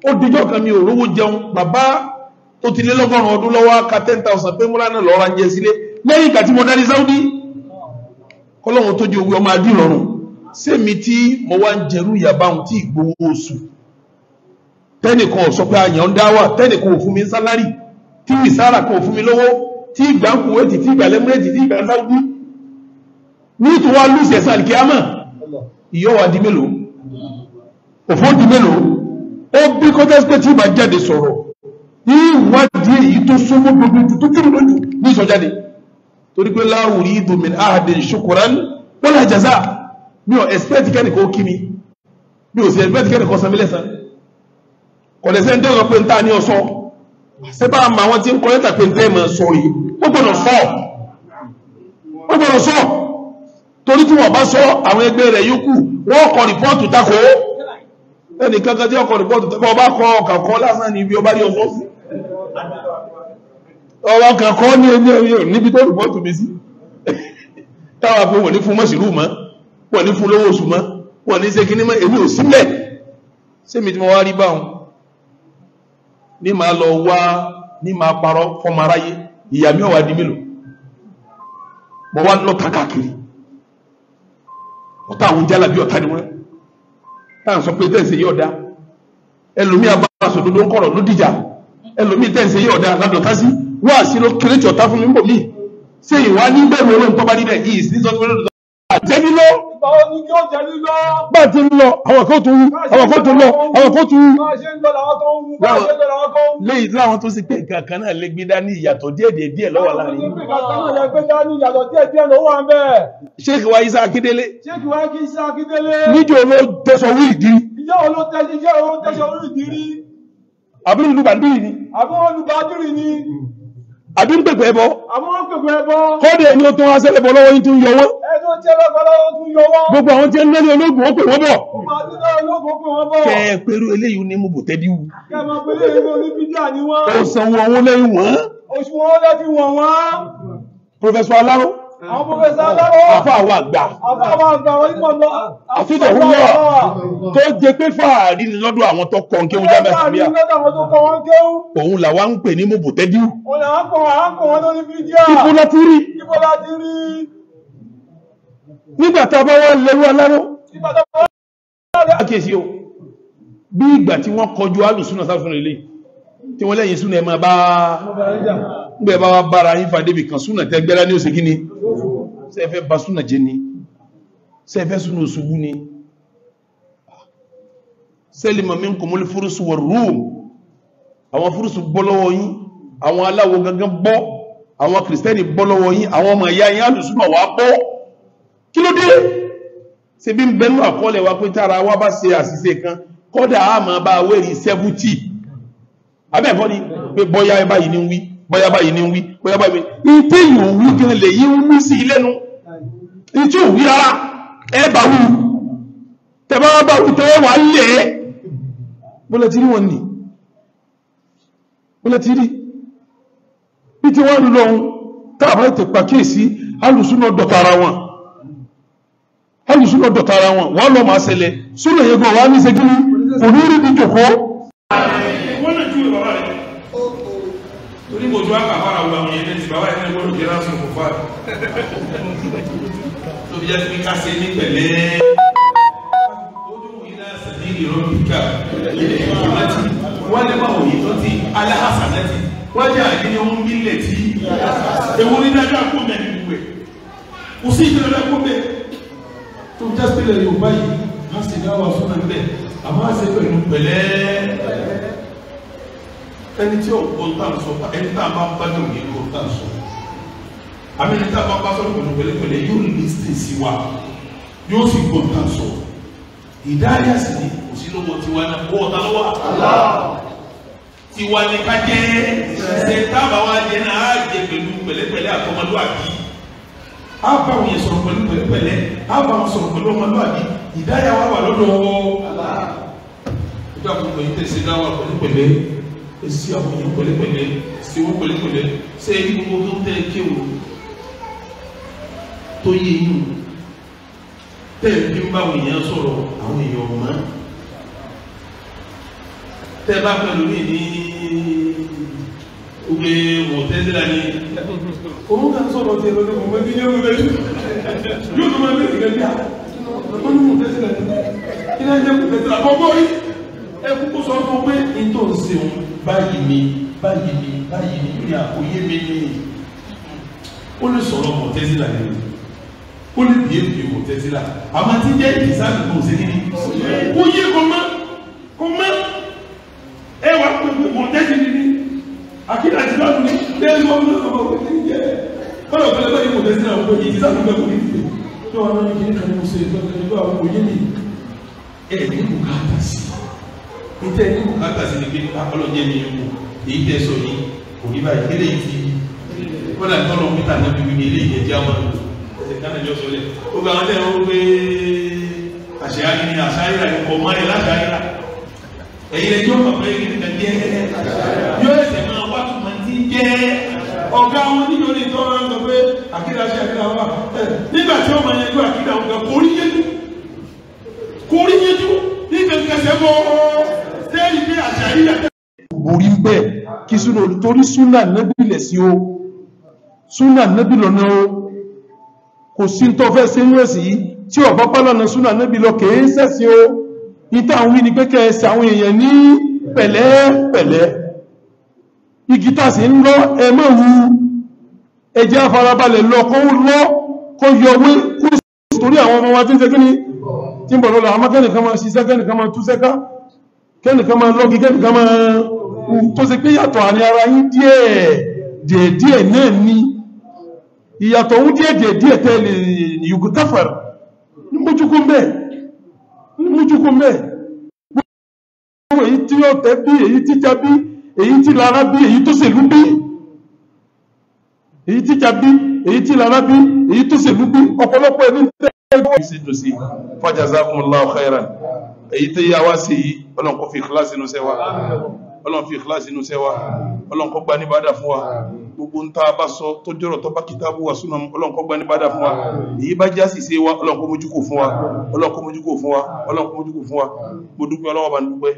ó dijọ́ kan mi ò rówó jẹun bàbá tó ti lé lọ́gọ́rùn ọdún lọ́wọ́ ka 10,000 pé múlá náà lọ́ra jẹ sílé lẹ́yìn ìgbà tí mo dárí Saudi kọ́lọ́run tó jẹ owó ọmọ adí lọ́rùn sẹ́mi tí mo wá ń jẹrú ìyàbáhùn tí ìgbowó oṣù tẹ́nìkan sọ pé àyàn ń dáwà tẹ́nìkan ò fún mi sálárì tí ìsára kan ò mi lówó tí ìgbà ń kúwẹ́tì tí ìgbà lẹ́múrẹ́tì tí ìgbà ń Saudi ní ìtòwá lùsẹ̀ sàlìkíámà ìyọ́wà di mélòó òfó di mélòó ó bí kọ́tẹ́sí pé tí ìbá jáde sọ̀rọ̀ ní ìwádìí èyí tó súnmọ́ gbogbo tó kéré lójú ní ìsọjáde torí pé la uridu min ahadin shukran wala jaza mi ò expect kẹ́nìkan ó kí mi mi ò sì expect kẹ́nìkan sami lẹ́sàn kọ̀lẹ́sẹ̀ ń tẹ́ sọ pé ń ta ní ọsọ sẹ́bà àmà wọn ti ń kọ́ lẹ́tà pé ń tẹ́ mọ̀ sọ yìí ó gbọ́dọ̀ sọ ó gbọ́dọ̀ sọ torí tí wọ́n bá sọ àwọn ẹgbẹ́ rẹ̀ yókù wọ́n kọ rìpọ́ọ̀tù takò ó ẹnì kankan tí wọ́n kọ rìpọ́ọ̀tù takò ọba kọ ọkà kọ lásán ní ibi ọba rí ọkọ sí ọba kà kọ ní ẹni ẹni níbi tó rìpọ́ọ̀tù mi sí táwa pé wọ́n ní fún mọ́sílù mọ́ wọ́n ní fún lówó oṣù mọ́ wọ́n ní ṣe kíní mọ́ èmi ò sílẹ̀ sẹ́mi tí mo wá rí báwọn ní máa lọ wá ní máa parọ́ fọmọ aráyé ìyàmí ọ̀wà di mélòó mo wá lọ kákàkiri ọ̀tá àwọn jálàbí ọ̀tá ni wọ́n táà ń sọ pé tẹ̀sí yìí ọ̀dá ẹlòmí abára sòdodo ń kọ̀rọ̀ ló dìjà ẹlòmí tẹ̀sí yìí ọ̀dá ládọ̀tá sí wá sí ló kéré tí ọ̀tá fún mi ń bò mí ṣé ìwà ní bẹ́ẹ̀ mi olóhùn tó bá nílẹ̀ yìí sí sọ́dún Bá ti ń lọ, àwọn kan tún wú, àwọn kan tún lọ, àwọn kan tún wú. Léyìí láwọn tó sì pé nǹkan kan náà lè gbé dání ìyàtọ̀ díẹ̀ díẹ̀ lọ́wọ́ láàrin. Ṣéèkì wa Isa Akíndélé. Ṣéèkì wa Isa Akíndélé. Níjọ́ ló tẹ̀sọ̀ orí ìdírí. Ìjọ́ ló tẹ̀sọ̀ orí ìdírí. Àbúrò olùbàdìrì ni. Àbúrò olùbàdìrì ni àbí ń pèpè ẹbọ kọ́dẹ̀ ni ó tún wá sẹ́lẹ̀bọ̀ lọ́wọ́ yìí tún yọ wọ́n gbogbo àwọn tí ń lórí ológun ó pè wọ́n bọ̀ kẹ ẹ pẹ̀lú eléyìí ní mùbò tẹ́bí wù ó sanwó owó lẹ́yìn wọ́n Professeur aláró àwọn professor aláró àfa àwọn àgbà àfihàn òwúrọ̀ tó jẹ pé fàárí ni lọ́dọ̀ àwọn tó kọ́ nkéwù jábẹ́ síbíà òun làwa ń pè ní mùbò tẹ́bí wù. òun làwa ń pè wọ́n lórí fídíà. ibo la ti rí. ibo la ti rí nígbàtà bá wọ́n lẹ́rú aláró àkèsí o bí ìgbà tí wọ́n kọjú alùsúnà sáfún ilé tí wọ́n lẹ́yìn súnà ẹmà bá gbẹ̀ bá bára yín fàdébì kan súnà tẹ́gbẹ́lá ní òsìkí ni sẹ́fẹ́ bá súnà jẹ́ ni sẹ́fẹ́ súnà òṣùgbú ni sẹ́lìmọ̀ mi ń kò múlé fúrúsù wọ̀ rúùm àwọn fúrúsù bọ́ lọ́wọ́ yín àwọn aláwo gangan bọ́ àwọn kìrìsìtẹ́nì kí ló dé ṣe bí ń bẹnu àkọọ́lẹ̀ wa pé tára wa bá ṣe àṣìṣe kan kọ́dà á máa bá wérí sẹ́fútì abẹ́ẹ̀kọ́ ni pé bọ́yá báyìí ni ń wí bọ́yá báyìí ni ń wí bọ́yá báyìí ni ń tí yìí wí gan lè yí wí sí ilẹ́nu ní tí ò wí rárá ẹ bá wú tẹ̀bá bá wú tẹ́wọ́ wà lẹ̀ ẹ́ bọ́lẹ̀ tí rí wọn nì bọ́lẹ̀ tí rí bí tí wọ́n rí lọ́hun táàbá ètè pàkíyèsí alùsùn náà dọ̀tà ara wọn alùsùnà dọ̀tà ara wọn wà lọ́ọ́ máa ṣẹlẹ̀ súnà yẹn gan wà ní ṣẹ́gínní onírú ní jòkó. wọ́n lè ju bàbá rẹ̀ torí mo ju àpá àpárá wa mi yẹn ti bàbá yẹn ní wọ́n jẹ́ lásán kò fà tó bí yẹn ti ká ṣe ní pẹ̀lẹ́. wọ́n lè máa wòye tó ti aláhàsà lẹ́tì wọ́n jẹ́ àdéhùn ohun bílẹ̀ tí ewu ní dájú àkóbẹ̀ nínú rẹ̀ kò sí ìdílé dájú àkóbẹ̀ tó ń jásílẹ̀ yorùbá yìí a sì dá wà fún ẹgbẹ́ a máa ṣe pẹ̀lú pẹ̀lẹ́ ẹni tí ọ̀pọ̀ tá à ń sọ ẹni tá a bá bá dùn yìí ló tá à ń sọ àmì ẹni tá a bá bá sọ̀rọ̀ pẹ̀lú pẹ̀lẹ́ pẹ̀lẹ́ yóò ní sìn sí wa yóò sì gbọ́ tá à ń sọ ìdáyà sì ni kò sí lọ́wọ́ tiwa náà kó ọ̀tá lọ́wọ́ àtàlá tiwa ni ká jẹ́ ṣe tábà wa jẹ́ náà á jẹ pẹ̀lú pẹ̀lẹ́pẹ̀lẹ́ àtọmọdúnrún àbí á bá òun yẹn sọ̀rọ̀ pẹ̀lú pẹ̀lẹ́pẹ̀lẹ́ á bá òun sọ̀rọ̀ pẹ̀lú ọmọlúwàbí ìdáyà wa wà lọ́dọ̀ àlá ìjọ àkókò yìí tẹ̀sí dáwà pẹ̀lẹ́pẹ̀lẹ́ èsì àwọn èèyàn pẹ̀lẹ́pẹ̀lẹ́ sí wọn pẹ̀lẹ́pẹ̀lẹ́ ṣé ibi gbogbo tó tẹ́ kí o tó yé inú tẹ́ ẹ̀ fi ń bá àwọn èèyàn sọ̀rọ̀ àwọn èèyàn mọ́ tẹ́ bá pẹ̀lú mi ní ugbe mọ̀tẹ́sílà ni òun kà sọ̀rọ̀ tiẹ̀ lọ́dún mọ̀ mẹ́tí ní ọgbẹ́ lẹ́yìn yóò tó máa bẹ̀rẹ̀ gẹ́gẹ́ bíà lọ́dún ní mọ̀tẹ́sílà ni kí náà jẹ́ mọ̀tẹ́sílà gbogbo rí ẹ kúkú sọ fún pé n tó ń ṣeun báyìí ni báyìí pas. báyìí ni yóò ní àkóyé mi ní ó lè sọ̀rọ̀ mọ̀tẹ́sílà est ó lè bìí bìí mọ̀tẹ́sílà àmọ́ ti jẹ́ ìdísáàbì kò sí ní kó yé kó mọ́ comment mọ́ ẹ wà pé mọ̀tẹ́sílà ni akínà ti lọ́dún ní lẹ́yìn mọ́mú náà ọmọ òkè ní jẹ́ bọ́lá òkè lọ́dún yìí kò tẹ́sí náà òkè yìí sáà nígbà òkè yìí tó wọn náà yìí kan mú sèé lọ́dún nígbà òkè yìí ni ẹ̀ ní bùkátà sí i tẹ́ ní bùkátà sí ni pé akọlọ́jẹ́ mi kù èyí tẹ́ sọ yìí kò ní báyìí kéré yìí ti bọ́lá ìtọ́nà mítà náà bíbí ní ilé ìyẹn jẹ́ àmọ́ ẹ̀sẹ̀ kánà jọ sọ lẹ̀ ó gba àwọn tẹ́lẹ̀ wọ́n pé àṣeyáni ni àṣáyíra ìkọ̀ jẹ ọ̀gá wọn nítorí tó ń sọ pé àkídà ṣe àkídà wà nígbà tí wọ́n máa yanjú àkídà wọn kò rí yẹjú kò rí yẹjú nígbà kẹsẹ̀ bọ́ sẹ́yìn pé àṣà yìí yàtọ̀. borí bẹ́ẹ̀ kí súnà torí súnà nẹ́bí lẹ̀ sí o súnà nẹ́bí lọ́nà o kò sí tó fẹ́ sí inú ẹ̀sì yìí tí ọ̀bá pálọ̀nà súnà nẹ́bí lọ kèé sẹ́sìn o ìta àwọn wí ni pé kẹ́ àwọn èèyàn ní pẹ̀lẹ́pẹ̀lẹ́ igi tàṣí ń lọ ẹmọ́ wu ẹjẹ́ afarabalẹ̀ lọ kó lọ kó yọwé kú torí àwọn ọmọ wa tí ń ṣe kíní tí ń bọ̀ lọ́la àmọ́ kẹ́nìkan máa ṣiṣẹ́ kẹ́nìkan máa túṣẹ́ká kẹ́nìkan máa lọ́gi kẹ́nìkan máa tó ṣe pé yàtọ̀ àní ara yín díẹ̀ díẹ̀ náà ni ìyàtọ̀ ń díẹ̀ díẹ̀ díẹ̀ tẹ́lẹ̀ yùgù káfàr ní mójúkú mẹ́ èyí tí lára bí èyí tó ṣèlú bí èyí tí jà bí èyí tí lára bí èyí tó ṣèlú bí ọ̀pọ̀lọpọ̀ ẹni tẹ́lẹ̀kọ́sí fajazakumullahu khairan èyí tí yà wá sí Ọlọ́run kó fi ìkìláàsì inú sẹ́wà Ọlọ́run fi ìkìláàsì inú sẹ́wà Ọlọ́run kó gba níbàdà fún wa gbogbo ń ta bá sọ tó jọ́rọ̀ tó bá kìtàbù wà súnà Ọlọ́run kó gba níbàdà fún wa èyí bá já sì ṣe wa Ọlọ́run kó mójúkò fún wa Ọlọ́run kó mójúkò fún wa Ọlọ́run kó mójúkò fún wa mo dúpẹ́ Ọlọ́run bá ń dúpẹ́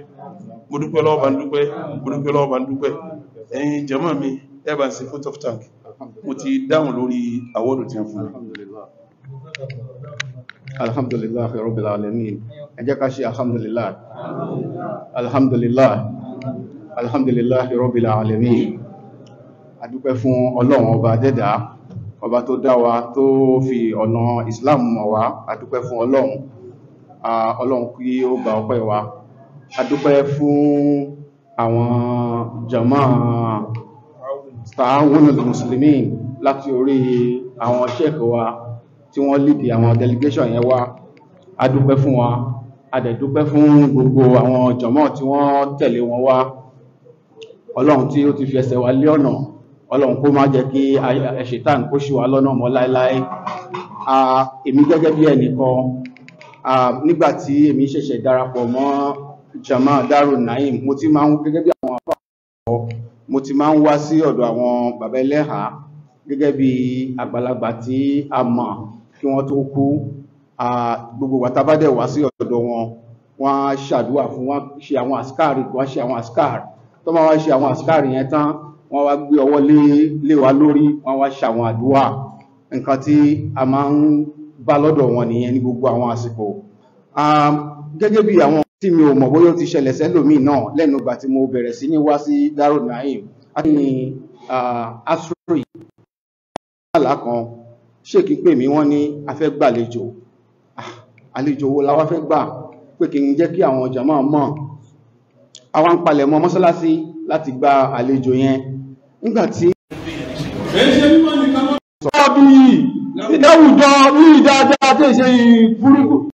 mo dúpẹ́ lọ́wọ́ bá ń dúpẹ́ mo dúpẹ́ lọ́wọ́ bá ń dúpẹ́ ẹ̀yin jàmá mi ẹ̀bà sí foot of tank mo ti dáhùn lórí àwọ́dù tí wọ́n alhamdulillah rabbil alamin ẹ alhamdulillah alhamdulillah alhamdulillah rabbil alamin a dúpẹ́ fún ọlọ́run ọba dẹ́dà ọba tó dá wa tó fi ọ̀nà islam mọ̀ wá a dúpẹ́ fún ọlọ́run ọlọ́run kí ó gba ọpẹ́ wa adúpẹ́ fún àwọn jama Ta'awunul Muslimi láti orí àwọn sheikh wa tí wọ́n lìdí àwọn delegation yẹn wá adúpẹ́ fún wa adẹ̀dúpẹ́ fún gbogbo àwọn jama tí wọ́n tẹ̀lé wọn wá ọlọ́run tí ó ti fi ẹsẹ̀ wa lé ọ̀nà ọlọ́run kó má jẹ́ kí ẹ̀ṣẹ̀tàn kó ṣì wá lọ́nà mọ́ láéláé èmi gẹ́gẹ́ bí ẹnìkan nígbà tí èmi ṣẹ̀ṣẹ̀ darapọ̀ mọ́ jama daru naim mo ti máa ń gẹ́gẹ́ bí àwọn àfáà mo ti máa ń wá sí ọ̀dọ̀ àwọn bàbá ẹlẹ́hà gẹ́gẹ́ bí àgbàlagbà tí a mọ̀ kí wọ́n tó kú gbogbo ìgbà tá bá dẹ̀ wá sí ọ̀dọ̀ wọn wọ́n á ṣàdúrà fún wọn ṣe àwọn àsíkàrì wọ́n ṣe àwọn àsíkàrì tó máa wá ṣe àwọn àsíkàrì yẹn tán wọ́n wá gbé ọwọ́ lé lé wa lórí wọ́n wá ṣàwọn àdúrà nǹkan tí a máa ń bá lọ́dọ̀ wọn nìyẹn ní gbogbo àwọn àsìkò gẹ́gẹ́ bí àwọn tí mi ò mọ̀ bóyá ó ti ṣẹlẹ̀ sẹ́lòmíì náà lẹ́nu ìgbà tí mo bẹ̀rẹ̀ sí ní wá sí Daro Naim àti ní asro yìí àlá kan ṣèkí pè mí wọ́n ní a fẹ́ gbàlejò ah, àlejò wo la wá fẹ́ gbà pé kí n jẹ́ kí àwọn ọjà máa mọ̀ àwa ń palẹ̀ mọ́ mọ́sálásí láti gba àlejò yẹn nígbà tí. sọ́ọ́ bí yìí nídáwùjọ bí dáadáa tẹ̀sẹ̀ yìí burúkú.